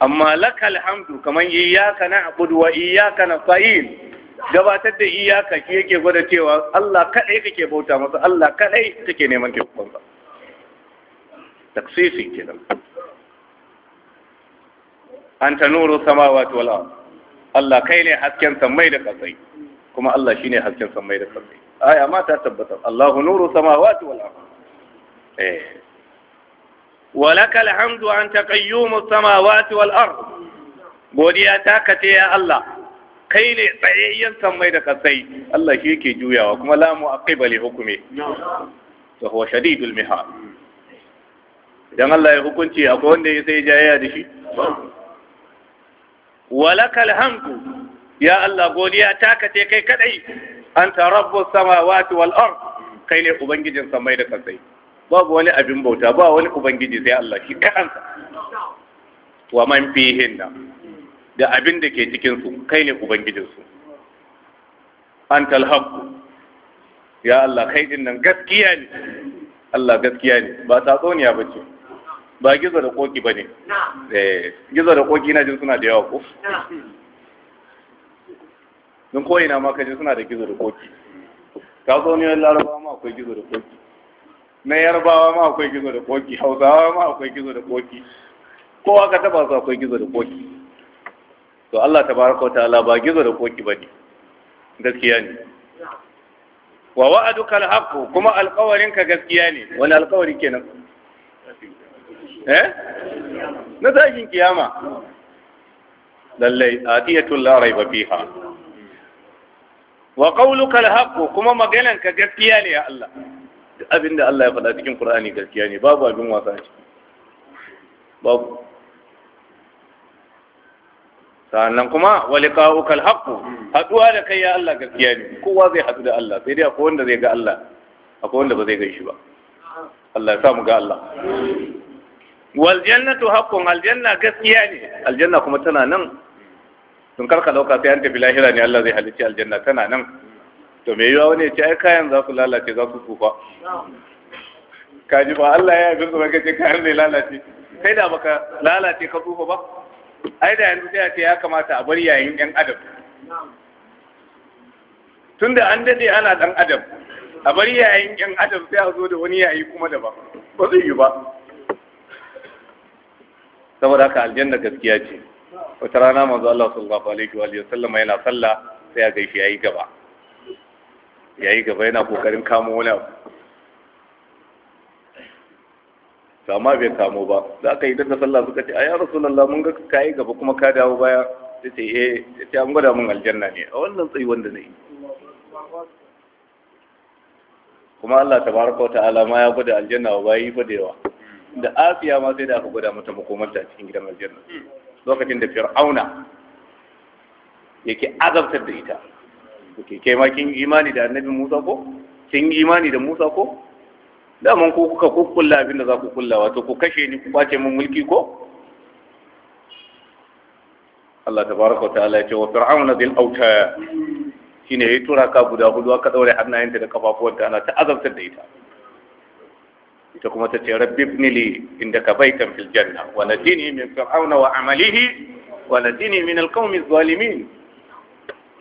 A: amma laka alhamdu kaman iyyaka na'budu wa iyyaka nasta'in gabatar da iyaka shi yake gwada cewa Allah kadai kake bauta masa Allah kadai kake neman taimakon sa taksisi kenan anta nuru sama, wal ard Allah kai ne hasken samai da kasai kuma Allah shi ne hasken samai da kasai aya ma ta tabbata Allahu nuru samawati wal ard eh walakal hamdu anta qayyumus sama, wal ard godiya ta kace ya Allah kai ne tsayayyen sammai da kasai Allah shi yake juyawa kuma lamu a kai bale hukume. to huwa shadidul mihal idan Allah ya hukunci akwai wanda ya sai jayaya da shi walakal hamdu ya Allah godiya taka ce kai kadai anta rabbus samawati wal ard kai ne ubangijin samai da kasai babu wani abin bauta ba wani ubangiji sai Allah shi kaɗansa. wa man fihinna da abin da ke cikinsu kai ne ubangijinsu an talhaku ya Allah kai din nan gaskiya ne Allah gaskiya ne ba tatsoniya ba ce ba gizo da koki ba ne eh, gizo da koki na jin suna da yawa ko don koyi na maka jin suna da gizo da koki tatsuniyar larabawa ma akwai gizo da koki na yarbawa ma akwai gizo da koki hausawa ma akwai gizo da koki kowa ka taba su akwai gizo da koki to Allah ta tabaraka wa ta'ala ba gizo da koki ne. gaskiya ne wa wa'aduka al kuma alƙawarin ka gaskiya ne wani alƙawari kenan eh na tashin kiyama lallai atiyatul la raiba fiha wa qawluka al-haqq kuma maganan ka gaskiya ne ya Allah abinda Allah ya faɗa cikin Qur'ani gaskiya ne babu abin wasa ciki babu sannan kuma wali kawo kal haqqu haɗuwa da kai ya Allah gaskiya ne kowa zai haɗu da Allah sai dai akwai wanda zai ga Allah akwai wanda ba zai ga shi ba Allah ya sa mu ga Allah wal jannatu haqqun aljanna gaskiya ne aljanna kuma tana nan sun karka lauka sai an tafi lahira ne Allah zai halicci aljanna tana nan to me yiwa wani ya ce ai kayan za su lalace za su tsufa kaji ba Allah ya yi bin su kace kayan zai lalace kai da baka lalace ka tsufa ba ai da yanzu sai a ce ya kamata a bar yayin ɗan adam tunda an dade ana ɗan adam a bar yayin ɗan adam sai a zo da wani yayi kuma da ba ba zai yi ba saboda haka aljanna gaskiya ce wata rana manzo Allah sallallahu alaihi wa sallama yana sallah sai a gaishe yayi gaba yayi gaba yana kokarin kamo wani abu kama bai kamo ba za ka yi daga sallah suka ce a ya rasulallah mun ga ka yi gaba kuma ka dawo baya sai ce e eh, ya ce an gwada mun aljanna ne a wannan tsayi wanda na yi kuma Allah bar ko ta'ala ma ya gwada aljanna wa bayi fa da yawa da afiya ma sai da aka gwada mata makomarta cikin gidan aljanna lokacin da fir'auna yake azabtar da ita kuke kai ma kin imani da annabi Musa ko kin imani da Musa ko daman ko kuka kukkulla abin da za ku kulla wato ku kashe ni ku kwace mun mulki ko Allah tabaraka wa ta'ala ya ce wa fir'auna dil auta shine yayi turaka guda hudu aka daure hannayenta da kafafuwanta ana ta azabtar da ita ita kuma ta ce rabbi ibni li indaka baitan fil janna wa najini min fir'auna wa amalihi wa najini min alqawmi zalimin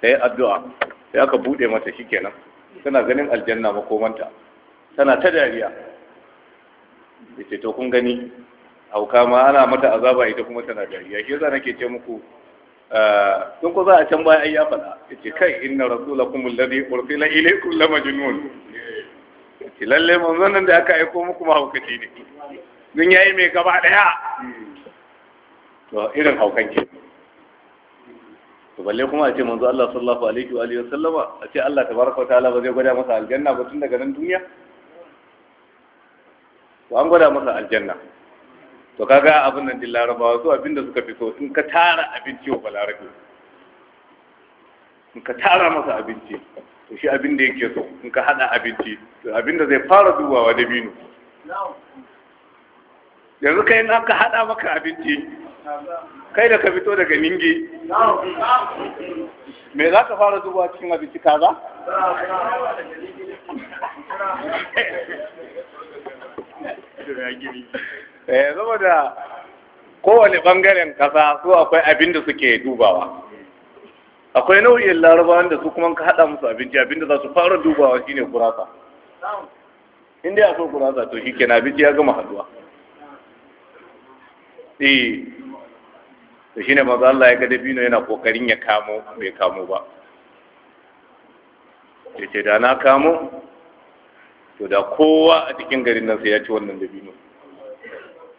A: sai addu'a sai aka bude mata shikenan tana ganin aljanna makomanta tana ta dariya ya ce to kun gani hauka ma ana mata azaba ita kuma tana dariya shi yasa nake ce muku tun ah, ko za a can baya ai ya faɗa yace kai inna rasulakum alladhi ursila ilaykum la majnun yace lalle manzon nan da aka aiko muku ma hauka ne Mun yayi mai gaba daya to irin haukan ke to balle kuma a ce manzo Allah sallallahu alaihi wa alihi a ce Allah tabaraka wa ta'ala ba zai gwada masa aljanna ba tun daga nan duniya to an gwada masa aljanna to kaga abin nan din larabawa su abin da suka fi so in ka tara abinci wa balarabe in ka tara masa abinci to shi abin da yake so in ka hada abinci to abin da zai fara dubawa da binu yanzu kai na ka hada maka abinci kai da ka fito daga ninge me za ka fara dubawa cikin abinci kaza Eh, saboda kowane bangaren kasa su akwai abin da suke dubawa akwai nau'in larabawan da su kuma ka haɗa musu abinci abin da za su fara dubawa shine gurasa Inda ya so gurasa to shi kenan abinci ya gama haduwa E, eh, to shine maza Allah ya ga dabino yana kokarin ya kamo bai kamo ba ce da na kamo to da kowa a cikin garin nan sai ya ci wannan dabino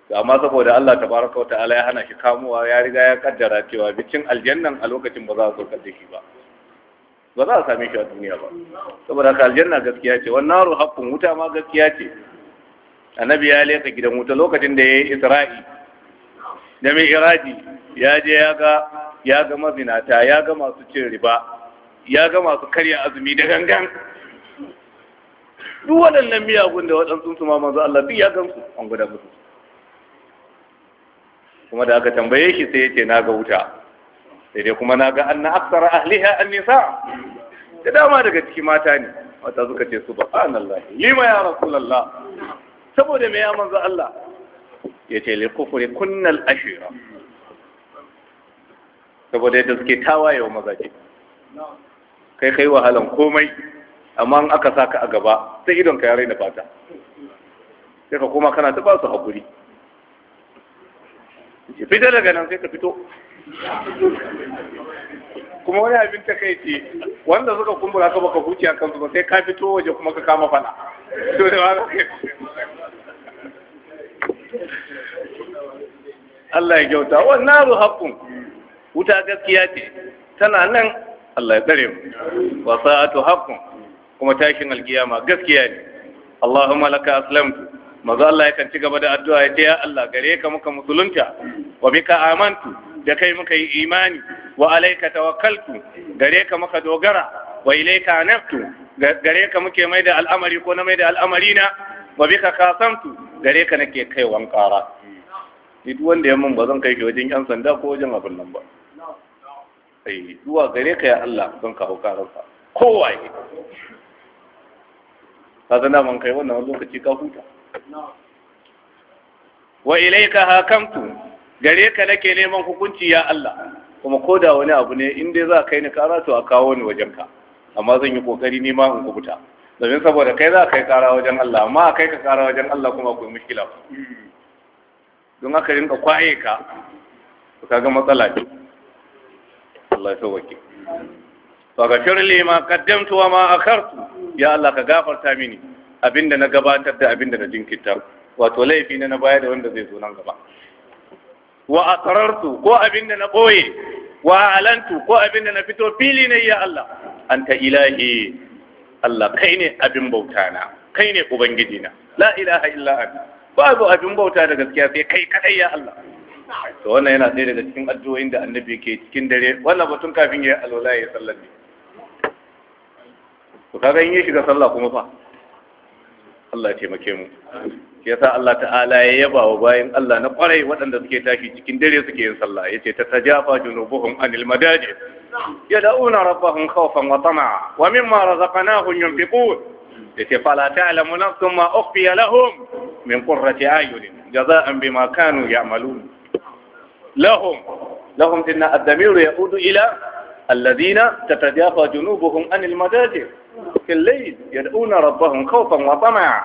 A: to amma saboda Allah tabaraka wa ta'ala ya hana shi kamuwa ya riga ya kaddara cewa bikin aljannan a lokacin ba za a saukar da shi ba ba za a same shi a duniya ba saboda ka aljanna gaskiya ce wannan naru hakkun wuta ma gaskiya ce annabi ya leka gidan wuta lokacin da ya yi isra'i da mai iraji ya je ya ga ya ga mazinata ya ga masu cin riba ya ga masu karya azumi da gangan duk waɗannan miyagun da waɗansu su ma manzo Allah duk ya gansu an guda musu kuma da aka tambaye shi sai yace na ga wuta sai dai kuma na ga na aksara ahliha an-nisa da dama daga ciki mata ne wata suka ce su Allah lima ya rasulullah saboda me ya manzo Allah yace le kufri kunnal ashira saboda yadda suke tawaye wa mazaje kai kai wahalan komai amma in aka saka a gaba sai idon ka ya raina fata sai ka koma kana ta ba su hakuri fita daga nan sai ka fito kuma wani abin ta kai ce wanda suka kumbura ka baka huce a kansu sai ka fito waje kuma ka kama fana to da ba Allah ya kyauta wannan abu haƙƙun wuta gaskiya ce tana nan Allah ya tsare mu wa sa'atu haƙƙun kuma tashin alkiyama gaskiya ne Allahumma laka aslamtu maza Allah yakan ci gaba da addu'a ya ce ya Allah gare ka muka musulunta wa bika amantu da kai muka yi imani wa alaika tawakkaltu gare ka muka dogara wa ilaika anabtu gare ka muke mai da al'amari ko na mai da al'amari na wa bika kasamtu gare ka nake kai wankara ni duk wanda ya mun ba zan kai shi wajen yan sanda ko wajen abin nan ba ai eh, duwa gare ka ya Allah zan kawo karansa kowaye kazana man kai wannan lokaci ka huta wa ilaika hakamtu gare ka nake neman hukunci ya Allah kuma ko da wani abu ne in dai za kai ni kara to a kawo ni wajen ka amma zan yi kokari ni ma in kubuta domin saboda kai za kai kara wajen Allah amma kai ka kara wajen Allah kuma akwai mushkila don aka rinka kwaye ka ka ga matsala ce Allah ya sauke faghfir lima, ma qaddamtu wa ma ya Allah ka gafarta mini abinda na gabatar da abinda na jinkirta wato laifi na na baya da wanda zai zo nan gaba wa asrartu ko abinda na boye wa alantu ko abinda na fito fili ne ya Allah anta ilahi Allah kai ne abin bauta na kai ne ubangiji na la ilaha illa anta babu abin bauta da gaskiya sai kai kadai ya Allah to wannan yana ɗaya daga cikin addu'o'in da annabi ke cikin dare wannan batun kafin ya alwala ya sallar ne kaga in ya shiga sallah kuma fa Allah ya taimake mu shi yasa Allah ta'ala ya yaba wa bayin Allah na kwarai waɗanda suke tashi cikin dare suke yin sallah yace ta tajafa junubuhum anil madaji yad'una rabbahum khawfan wa tama'a wa mimma razaqnahum yunfiqun yace fala ta'lamu nafsun ma ukhfiya lahum min qurrati a'yunin jaza'an bima kanu ya'malun lahum lahum tinna ad-damiru ya'udu ila alladhina tatajafa junubuhum anil madaji في الليل يدعون ربهم خوفا وطمعا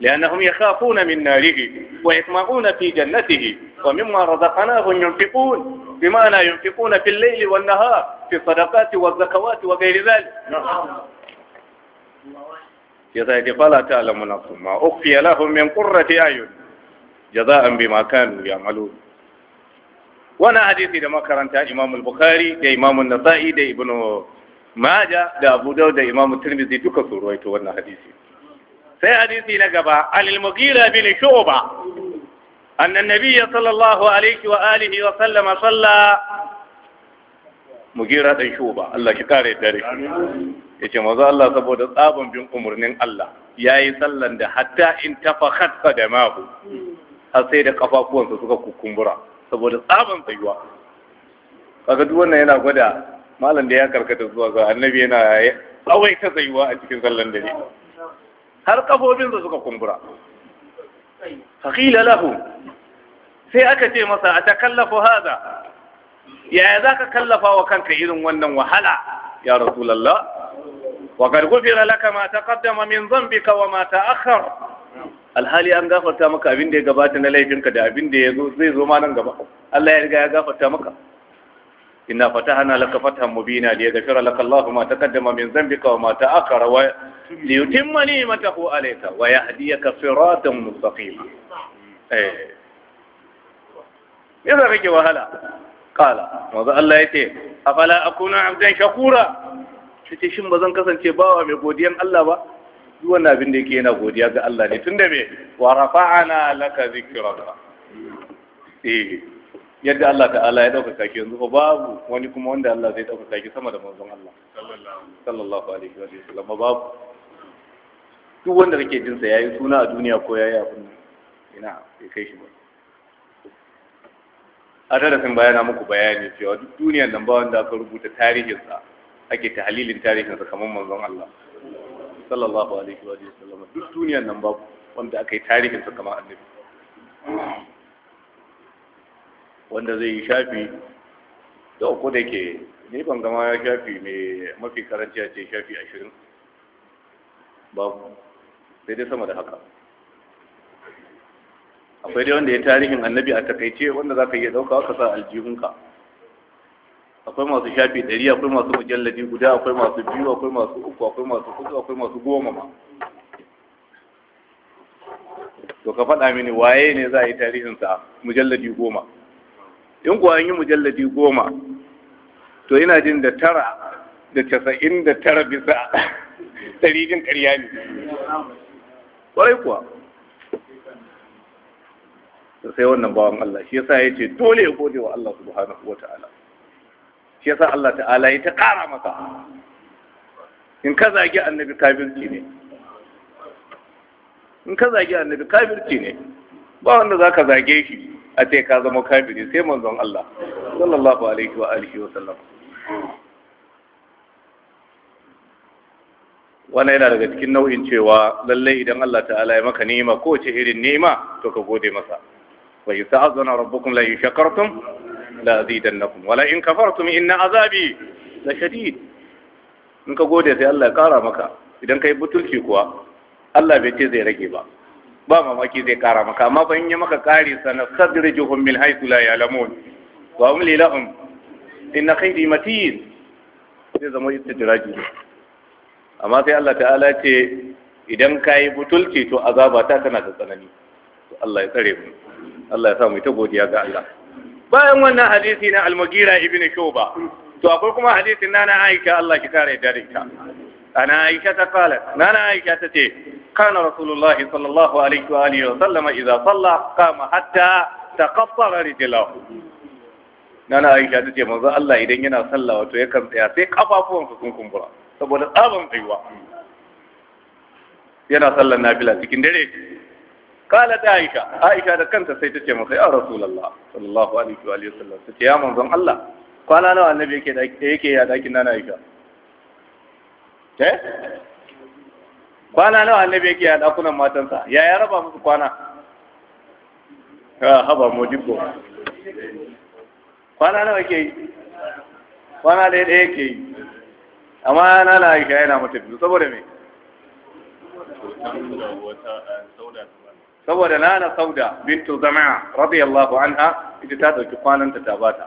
A: لأنهم يخافون من ناره ويطمعون في جنته ومما رزقناهم ينفقون بمعنى ينفقون في الليل والنهار في الصدقات والزكوات وغير ذلك جزاء فلا تعلم نفس ما أخفي لهم من قرة أعين جزاء بما كانوا يعملون وانا حديثي لما كرنت إمام البخاري إمام النسائي ابن maja da abu da imam tirmidhi duka su ruwaito wannan hadisi sai hadisi na gaba anil mughira bin shu'ba anna nabiyya sallallahu alaihi wa alihi wa sallama salla mughira dan shu'ba Allah ki kare dare yace manzo Allah saboda tsabon bin umurnin Allah yayi sallan da hatta in tafakhat qadamahu har sai da kafafuwansa suka kukumbura saboda tsabon tsayuwa kaga duk wannan yana gwada malam da ya karkata zuwa ga annabi yana ta tsayuwa a cikin sallan dare har kafofin su suka kumbura faqila sai aka ce masa a takallafu hada yaya zaka kallafa wa kanka irin wannan wahala ya rasulullah wa qad ghufira laka ma taqaddama min dhanbika wa ma ta'akhkhar alhali an gafarta maka abin da ya gabata na laifinka da abin da ya zo zai zo ma nan gaba Allah ya riga ya gafarta maka إنا فتحنا لك فتحا مبينا ليغفر لك الله ما تقدم من ذنبك وما تأخر ليتم نعمته عليك ويهديك صراطا مستقيما يذا kake wahala kala manzo Allah yace afala akuna abdan shakura tace shin bazan kasance bawa mai godiyan Allah ba duk wannan abin da yake yana godiya ga Allah ne tunda me wa rafa'ana laka dhikraka eh yadda Allah ta'ala ya ɗaukaka ki yanzu babu wani kuma wanda Allah zai ɗaukaka ki sama da manzon Allah sallallahu alaihi wa sallam babu duk wanda kake jin sa yayi suna a duniya ko yayi abin ina sai kai shi ba a darasin bayana muku bayani cewa duk duniyar nan ba wanda aka rubuta tarihinsa ake tahlilin tarihinsa kamar manzon Allah sallallahu alaihi wa sallam duk duniyar nan ba wanda aka yi tarihinsa kamar annabi wanda zai yi shafi da uku da ke ni ban gama ya shafi mai mafi karanci a ce shafi ashirin ba sai dai sama da haka akwai dai wanda ya tarihin annabi a takaice wanda za ka iya ɗauka ka sa aljihunka akwai masu shafi ɗari akwai masu mujalladi guda akwai masu biyu akwai masu uku akwai masu hudu akwai masu goma ma to ka faɗa mini waye ne za a yi tarihinsa mujalladi goma in kuwa an yi mujalladi goma to ina jin da tara da casa'in da tara bisa ɗari jin ƙarya ne ƙwarai kuwa sai wannan bawan Allah shi yasa ya ce dole ya gode wa Allah subhanahu wa ta'ala shi yasa Allah ta'ala ya ta ƙara masa in ka zagi annabi kafirci ne in ka zagi annabi kafirci ne ba wanda za ka zage shi a ce ka zama kafiri sai manzon Allah sallallahu alaihi wa alihi wa sallam wannan yana daga cikin nau'in cewa lallai idan Allah ta'ala ya maka ni'ima ko ce irin ni'ima to ka gode masa wa yasta'azana rabbukum la in shakartum la azidannakum wa la in kafartum inna azabi la shadid in ka gode sai Allah ya kara maka idan kai butulci kuwa Allah bai ce zai rage ba ba mamaki zai kara maka amma ban yi maka kari sana sadrijuhum min haythu la ya'lamun wa umli lahum inna khayri matin sai zama istidraji amma sai Allah ta'ala ce idan kayi butulci to azaba ta tana da tsanani to Allah ya tsare mu Allah ya sa mu ta godiya ga Allah bayan wannan hadisi na al-Mughira ibn Shuba to akwai kuma hadisin na Aisha Allah ki kare da ita ana Aisha ta kala na Aisha ta ce كان رسول الله صلى الله عليه وآله وسلم إذا صلى قام حتى تقطر رجله nana aisha ta ce manzo Allah idan yana sallah wato yakan tsaya sai kafafuwansa sun kumbura saboda tsaban tsayuwa yana sallar nafila cikin dare kala ta aisha aisha da kanta sai ta ce masa ya rasulullah sallallahu alaihi wa sallam ta ce ya Allah kwana nawa annabi yake yake nana aisha kwana nawa annabi yake a dakunan matansa ya ya raba musu kwana ha mu modibo kwana nawa yake yi kwana ɗaya ɗaya yake yi amma na na aisha yana mata saboda me saboda na na sauda bintu zama'a radiyallahu anha ita ta dauki kwananta ta bata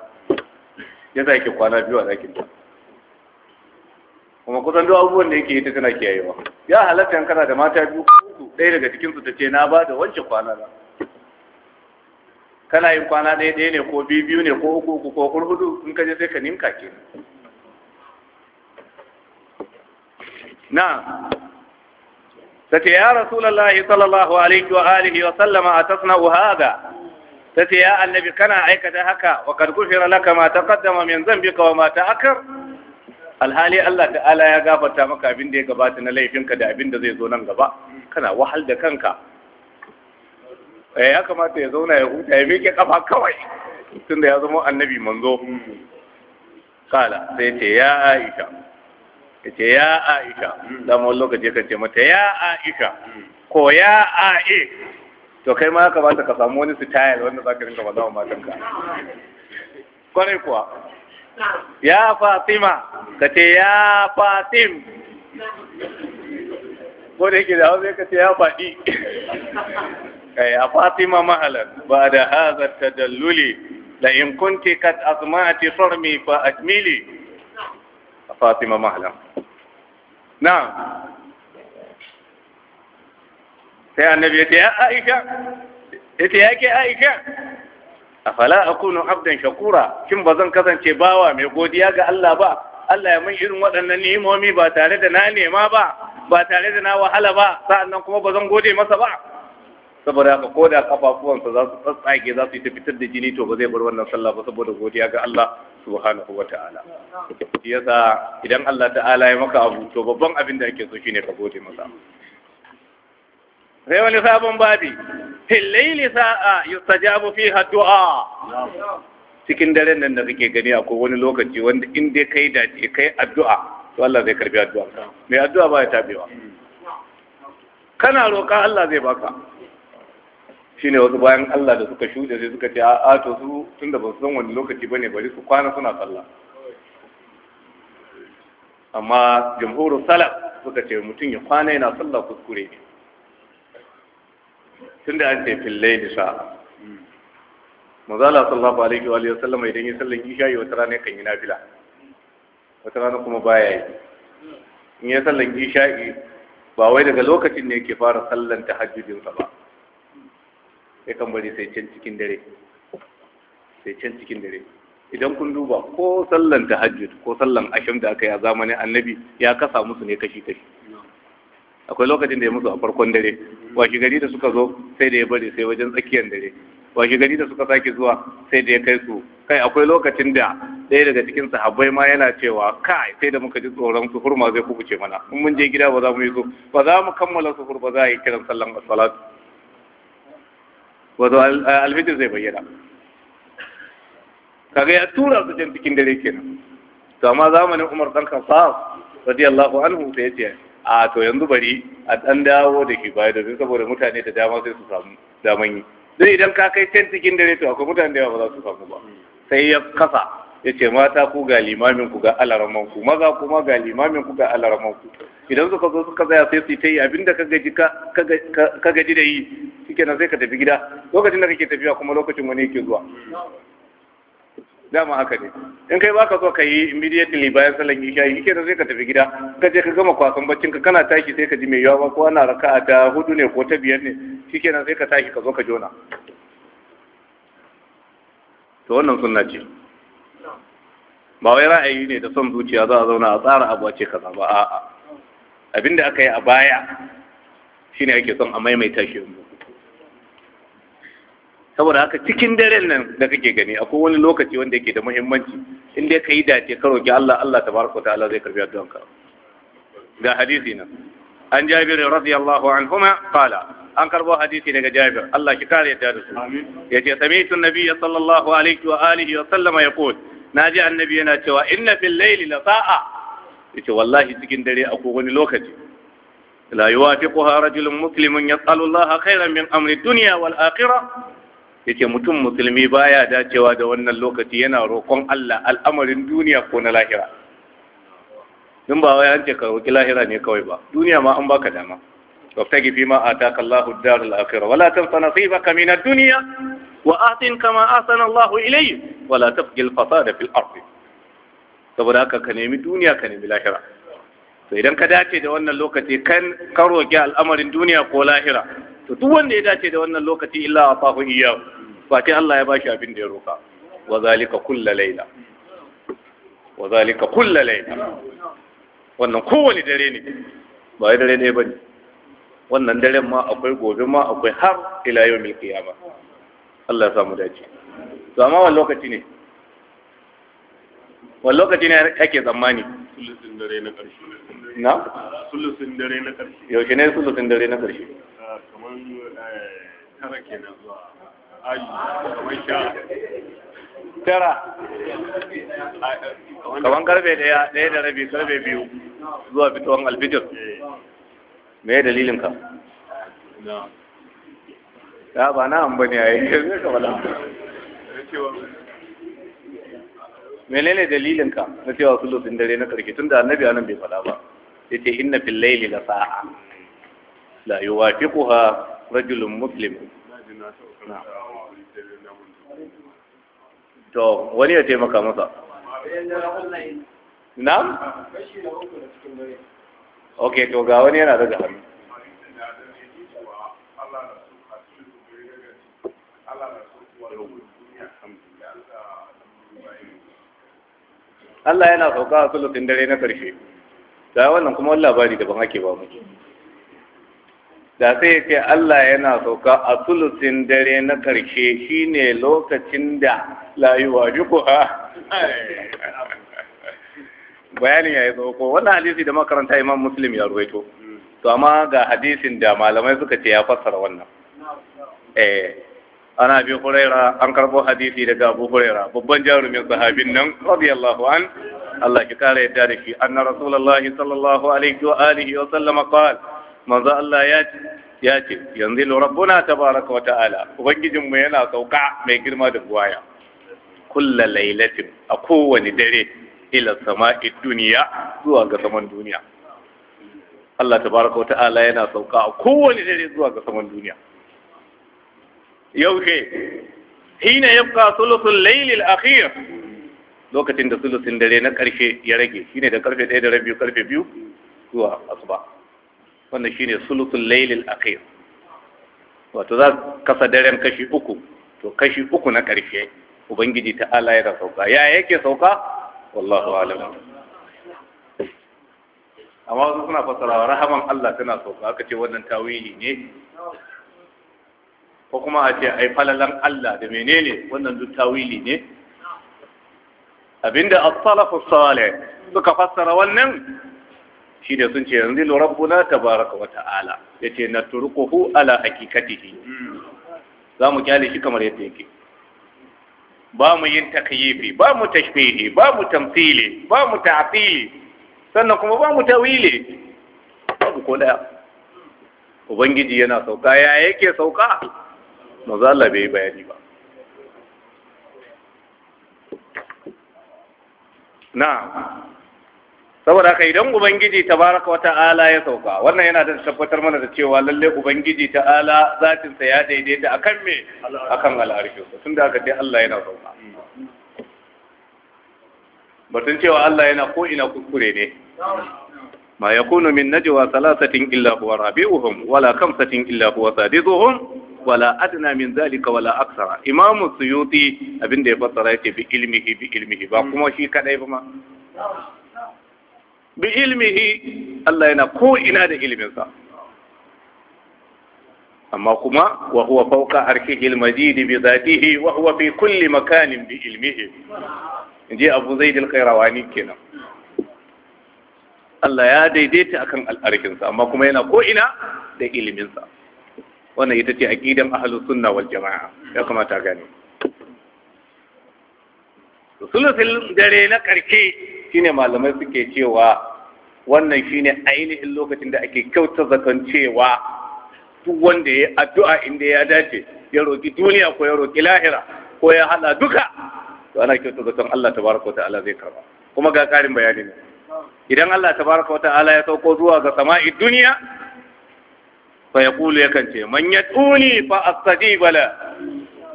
A: ya zaki kwana biyu a ɗakin ta kuma kusan duk abubuwan da yake yi ta tana kiyayewa ya halatta yan kana da mata biyu uku ɗaya daga cikin su tace na ba da wancan kwana na kana yin kwana ɗaya ɗaya ne ko biyu biyu ne ko uku uku ko hudu in ka je sai ka ninka ke na tace ya rasulullahi sallallahu alaihi wa alihi wa sallama atasna'u hada tace ya annabi kana aikata haka wa kad gufira laka ma taqaddama min dhanbika wa ma ta'akkar alhali Allah ta'ala ya gafarta maka abin da ya gabata na laifinka da abin da zai zo nan gaba kana wahal da kanka eh, ya kamata ya zauna ya huta ya miƙe kafa kawai tunda ya zama annabi manzo kala sai ce ya aisha ya ce ya aisha damar lokaci ka ce mata ya aisha ko ya ae to kai ma ya kamata ka samu wani style wanda za ka rinka faɗa wa matanka kwarai kuwa ya fatima ka ce ya fatim ko da yake da hausa ka ce ya faɗi kai a fatima mahalar ba da haza tadalluli la in kunti kat asma'ati farmi fa akmili a fatima mahalar na sai annabi ya ce ya aika ya ce ya ke aika afala akunu abdan shakura shin ba zan kasance bawa mai godiya ga Allah ba Allah ya mun irin waɗannan ni'imomi ba tare da na nema ba ba tare da na wahala ba sa'annan kuma ba zan gode masa ba saboda haka ko da kafafuwansa za su tsatsage za su yi ta fitar da jini to ba zai bar wannan sallah ba saboda godiya ga Allah subhanahu wa ta'ala yasa idan Allah ta'ala ya maka abu to babban abin da ake so shine ka gode masa sai wani sabon babi fillaili sa'a yustajabu fiha du'a cikin daren nan da kake gani akwai wani lokaci wanda in dai kai dace kai addu'a to Allah zai karbi addu'a mai addu'a ba ya tabewa kana roƙa Allah zai baka shine wasu bayan Allah da suka shuɗe sai suka ce a to su tunda ba su san wani lokaci bane bari su kwana suna sallah amma jamurin salaf suka ce mutum ya kwana yana sallah kuskure ne tunda an ce fillai da sa mazala sallallahu alaihi wa sallam idan ya sallan yi wata rana kan yi nafila wata rana kuma baya yi in ya sallan yi ba wai daga lokacin ne yake fara sallan tahajjudinsa ba sai kan bari sai can cikin dare sai can cikin dare idan kun duba ko sallan tahajjud ko sallan ashim da aka yi a zamanin annabi ya kasa musu ne kashi kashi akwai lokacin da ya musu a farkon dare washi gari da suka zo sai da ya bari sai wajen tsakiyar dare washi gari da suka sake zuwa sai da ya kai su kai akwai lokacin da ɗaya daga cikin sahabbai ma yana cewa kai sai da muka ji tsoron suhur ma zai kubuce mana in mun je gida ba za mu yi su, ba za mu kammala suhur ba za a yi kiran sallan as wato alfitir zai bayyana kaga ya tura su jan cikin dare kenan to amma zamanin Umar dan Khattab radiyallahu anhu sai ya ce a to yanzu bari a ɗan dawo da ke baya da zai saboda mutane da dama sai su samu daman yi zai idan ka kai can cikin dare to akwai mutane da yawa ba za su samu ba sai ya kasa ya ce mata ku ga limamin ku ga alaraman ku maza kuma ga limamin ku ga alaraman ku idan suka zo suka tsaya sai su ta yi abinda ka gaji gaji da yi shikenan sai ka tafi gida lokacin da kake tafiya kuma lokacin wani yake zuwa dama haka ne in kai baka so ka yi immediately bayan salon isha yi kenan sai ka tafi gida ka je ka gama kwasan baccin ka kana tashi sai ka ji mai yawa ko ana raka'a ta hudu ne ko ta biyar ne shikenan sai ka tashi ka zo ka jona to wannan sunna ce ba wai ra'ayi ne da son zuciya za a zauna a tsara abu a ce kaza ba a'a abinda aka yi a baya shine ake son a maimaita shi yanzu saboda haka cikin daren nan da kake gani akwai wani lokaci wanda yake da muhimmanci in dai ka yi dace ka roki Allah Allah ta tabaraka ta'ala zai karbi addu'anka ga hadisi nan an Jabir radiyallahu anhuma qala an karbo hadisi daga Jabir Allah ki kare yadda da su yace sami'tu an-nabiy sallallahu alaihi wa alihi wa sallama yaqul naji annabi yana cewa inna fil layli la sa'a yace wallahi cikin dare akwai wani lokaci la yuwafiquha rajulun muslimun yas'alu Allah khairan min amri dunya wal akhirah yace mutum musulmi baya dacewa da wannan lokaci yana roƙon Allah al'amarin duniya ko na lahira in ba wai an ce ka roƙi lahira ne kawai ba duniya ma an baka dama wabtagi fi ma ataka Allahu ad-dar al-akhirah wala tansa nasibaka min ad-dunya wa ahsin kama ahsana Allahu ilayk wala tabqi al-fasada fil ardh saboda haka ka nemi duniya ka nemi lahira to idan ka dace da wannan lokaci kan ka roƙi al'amarin duniya ko lahira to duk wanda ya dace da wannan lokaci illa a afahu iyyahu fatin Allah ya bashi abin da ya roka wa zalika kullu Laila. wa zalika kullu layla wannan kowane dare ne ba dare ne ba wannan daren ma akwai gobe ma akwai har ila mil kiyama Allah ya samu dace to amma wannan lokaci ne wannan lokaci ne yake tsammani sulusin dare na ƙarshe na
B: sulusin dare na ƙarshe yaushe ne sulusin dare na ƙarshe ah, kamar eh, tara kenan zuwa tara
A: kaman karfe daya daya da rabi karfe biyu zuwa fitowar alfijir me ya dalilin ka ya ba na an bane ayi zai ka bala menene dalilin ka na cewa sulusin dare na karki tunda annabi anan bai fada ba Ya yace inna fil layli la sa'a la yuwafiquha rajulun muslim to wani ya taimaka masa na? ok to ga wani yana daga hannu Allah yana sauka a sulukin dare na ƙarshe, ta wannan kuma wani labari daban ake ba muke. da sai ya ce Allah yana sauka a sulusin dare na ƙarshe shine lokacin da layuwa jukuwa bayanin ya yi tsoko wannan hadisi da makaranta imam muslim ya ruwaito to amma ga hadisin da malamai suka ce ya fassara wannan eh ana bi huraira an karbo hadisi daga abu huraira babban jarumin sahabin nan radiyallahu an Allah ki kare yadda da shi anna rasulullahi sallallahu alaihi wa alihi wa sallama qala manzo Allah ya ce ya ce yanzu rabbuna tabaraka wa ta'ala ubangijin mu yana sauka mai girma da buwaya kulla lailatin a kowani dare ila sama'i duniya zuwa ga saman duniya Allah tabaraka wa ta'ala yana sauka a kowani dare zuwa ga saman duniya yau ke hina yabqa thuluthul layl al-akhir lokacin da thuluthin dare na karshe ya rage shine da karfe 1 da rabi karfe 2 zuwa asuba wanda shine sulutul lailil akhir wato za kasa daren kashi uku to kashi uku na ƙarshe ubangiji ta ya yana sauka ya yake sauka wallahu alam amma wasu suna fasarawa rahaman Allah tana sauka aka ce wannan tawili ne ko kuma a ce ai falalan Allah da menene wannan duk tawili ne abinda as-salafus salih suka fassara wannan shi ne sun ce yanzu rabbuna tabaraka wa ta'ala ya ce na turkuhu ala hakikatihi za mu kyale shi kamar yadda yake ba mu yin takyifi ba mu tashbihi ba mu tamthili ba mu ta'fili sannan kuma ba mu tawili babu ko daya ubangiji yana sauka ya yake sauka manzo Allah bai bayani ba na saboda haka idan ubangiji ta baraka wata ala ya sauka wannan yana da tabbatar mana da cewa lalle ubangiji ta'ala zatin sa ya daidaita akan me akan al'arshi da aka dai Allah yana sauka batun cewa Allah yana ko ina kuskure ne ma yakunu min najwa thalathatin illa huwa rabi'uhum wala khamsatin illa huwa sadiduhum wala adna min zalika wala aksara imamu suyuti abinda ya fassara yake bi ilmihi bi ilmihi ba kuma shi kadai ba ma bi ilmihi Allah yana ko ina da ilminsa amma kuma wa huwa fawqa arshihil majid bi zatihi wa huwa fi kulli makanin bi ilmihi inji Abu Zaid al-Qayrawani kenan Allah ya daidaita akan al'arkinsa amma kuma yana ko ina da iliminsa wannan ita ce aqidan ahlus sunna wal jama'a ya kamata gane sulusul dare na karke shine malamai suke cewa wannan shine ainihin lokacin da ake kyauta zaton cewa duk wanda ya addu'a inda ya dace ya roki duniya ko ya roki lahira ko ya hada duka to ana kyauta zaton Allah tabaraka ta'ala zai karba kuma ga karin bayani ne idan Allah tabaraka ta'ala ya sauko zuwa ga sama'i duniya fa yaqulu yakan ce man yatuni fa astajiba la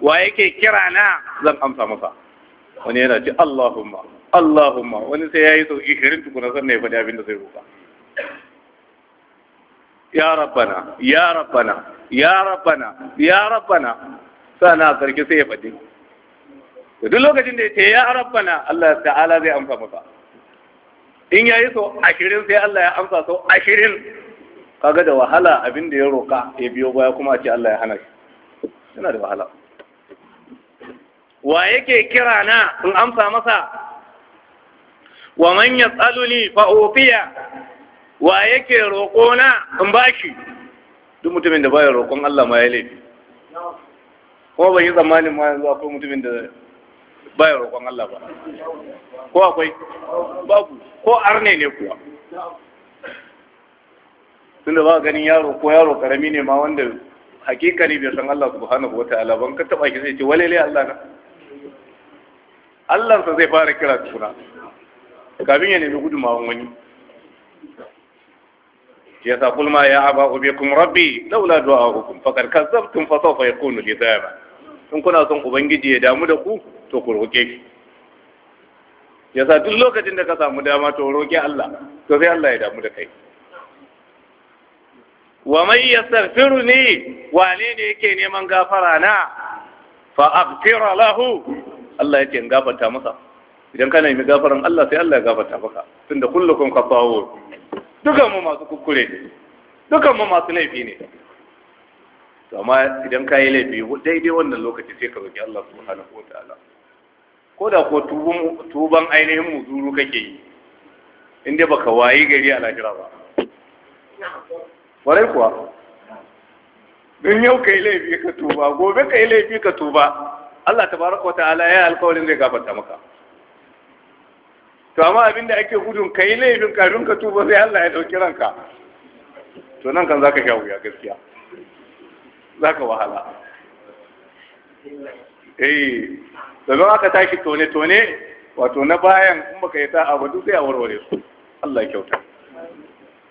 A: wa yake kira na zan amsa masa wani yana ce Allahumma Allahumma wani sai ya yi sau ishirin tukuna sannan ya faɗi abin da zai roƙa ya rabbana ya rabbana ya rabbana ya rabbana sana a sarki sai ya faɗi da duk lokacin da ya ce ya rabbana Allah ta'ala zai amsa masa in ya yi sau ashirin sai Allah ya amsa sau ashirin kaga da wahala abin da ya roƙa ya biyo baya kuma a ce Allah ya hana shi yana da wahala wa yake kira na in amsa masa wa man yas'aluni fa ufiya wa yake roƙona in bashi duk mutumin da baya roƙon Allah ma ya laifi ko ban yi tsammanin ma yanzu akwai mutumin da baya roƙon Allah ba ko akwai babu ko arne ne kuwa tunda ba ganin yaro ko yaro karami ne ma wanda hakika ne bai san Allah subhanahu wa ta'ala ban ka taba ki sai ce walele Allah na Allah sa zai fara kira tukuna kafin ya nemi gudunmawan wani ya sa kulma ya aba kun rabbi laula du'a'ukum faqad kazzabtum fa sawfa yakunu lidaba in kuna son ubangiji ya damu da ku to ku roke shi ya sa duk lokacin da ka samu dama to roke Allah to sai Allah ya damu da kai wa man yastaghfiruni wane ne yake neman gafara na fa aghfira lahu Allah yake gafarta masa idan kana yi gafaran Allah sai Allah ya gafarta maka tunda kullukum khatawo dukan mu masu kukkure ne dukan mu masu laifi ne to amma idan kai laifi daidai wannan lokaci sai ka roki Allah subhanahu wataala ko da ko tuban tuban ainihin zuru kake yi in baka wayi gari a lahira ba warai kuwa dan yau ka yi laifi ka tuba gobe ka yi laifi ka tuba Allah tabaraka wa ta'ala ya alƙawarin zai gafarta maka to amma abin da ake gudun ka yi laifin kafin ka tuba sai Allah ya ɗauki ranka to nan kan za ka sha wuya gaskiya za ka wahala eh ba aka tashi tone-tone wato na bayan in baka yi sa'a ba duk sai a warware su Allah ya kyauta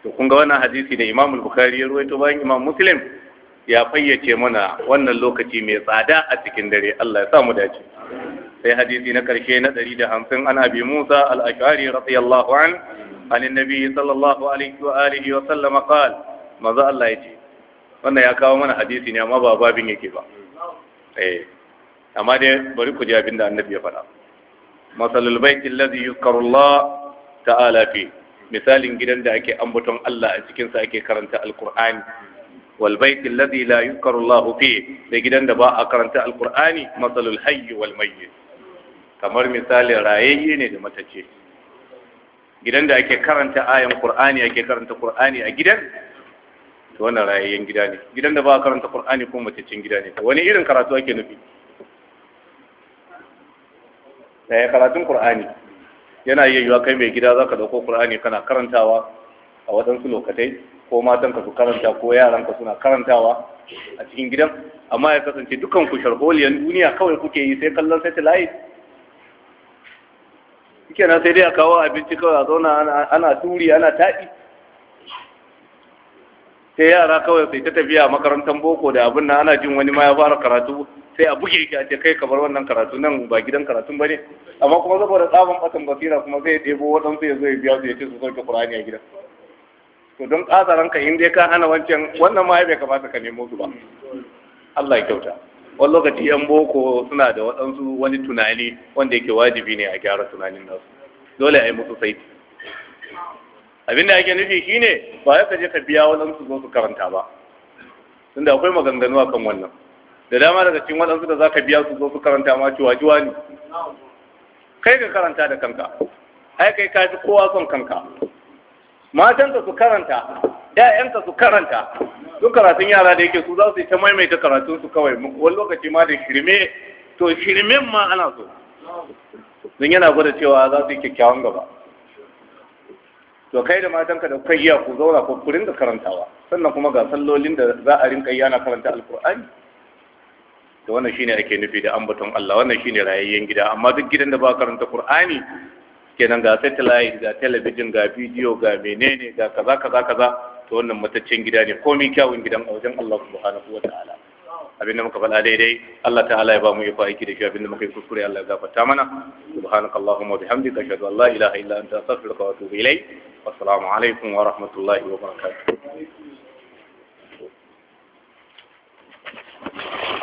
A: to kun ga wannan hadisi da Imam Bukhari ya ruwaito bayan Imam Muslim ya fayyace mana wannan lokaci mai tsada a cikin dare Allah ya sa mu dace sai hadisi na ƙarshe na ɗari da hamsin an abi Musa al-Ash'ari radiyallahu an an annabi sallallahu alaihi wa alihi wa sallama qala manzo Allah yace wannan ya kawo mana hadisi ne amma ba babin yake ba eh amma dai bari ku ji abin da annabi ya faɗa masalul baiti alladhi yuzkarullah ta'ala fi misalin gidan da ake ambaton Allah a cikin sa ake karanta alqur'ani wal baiti alladhi la yuzkarullah fi da gidan da ba a karanta alqur'ani masalul hayy wal mayyit kamar misali rayayye ne da matace, gidan da ake karanta ayan qur'ani ake karanta qur'ani a gidan to wannan rayayyen gida ne gidan da ba a karanta qur'ani ko matacin gida ne wani irin karatu ake nufi sai karatun qur'ani yana iya yiwa kai mai gida zaka dauko qur'ani kana karantawa a waɗansu lokatai ko matan ka su karanta ko yaran ka suna karantawa a cikin gidan amma ya kasance dukan ku sharholiyan duniya kawai kuke yi sai kallon satellite kenan sai dai a kawo abinci kawai a zauna ana turi ana taɗi sai yara kawai sai ta tafiya makarantar boko da abin nan ana jin wani ma ya fara karatu sai a buge ki a ce kai kamar wannan karatu nan ba gidan karatun ba ne amma kuma saboda tsaban ɓatan basira kuma zai ɗebo waɗansu ya zo ya biya su ya ce su sauke ƙur'ani a gida to don ƙasa ranka in dai ka hana wancan wannan ma ya bai kamata ka nemo su ba Allah ya kyauta wani lokaci yan boko suna da waɗansu wani tunani wanda yake wajibi ne a gyara tunanin nasu dole a yi musu saiti abin da ake nufi shine ba ya kaje ka biya waɗansu zo su karanta ba da akwai maganganu a kan wannan da dama daga cikin waɗansu da za ka biya su zo su karanta ma ciwa juwa ne kai ka karanta da kanka ai kai ka fi kowa son kanka matanka su karanta 'ya'yanka su karanta duk karatun yara da yake su za su yi ta maimaita karatun su kawai wani lokaci ma da shirme to shirmen ma ana so don yana gwada cewa za su yi kyakkyawan gaba to kai da ka da kai iya ku zaura ko ku rinka karantawa sannan kuma ga sallolin da za a rinka yi ana karanta alkur'ani to wannan shine ake nufi da ambaton Allah wannan shine rayayyen gida amma duk gidan da ba karanta Qur'ani kenan ga satellite ga television ga video ga menene ga kaza kaza kaza to wannan mataccen gida ne komai kyawun gidan a wajen Allah subhanahu wataala abin da muka faɗa daidai Allah ta'ala ya ba mu iko aiki da shi abin da muka yi kuskure Allah ya gafarta mana subhanaka allahumma bihamdika ashhadu an la ilaha illa anta astaghfiruka wa atubu ilayk wa assalamu alaikum wa rahmatullahi wa barakatuh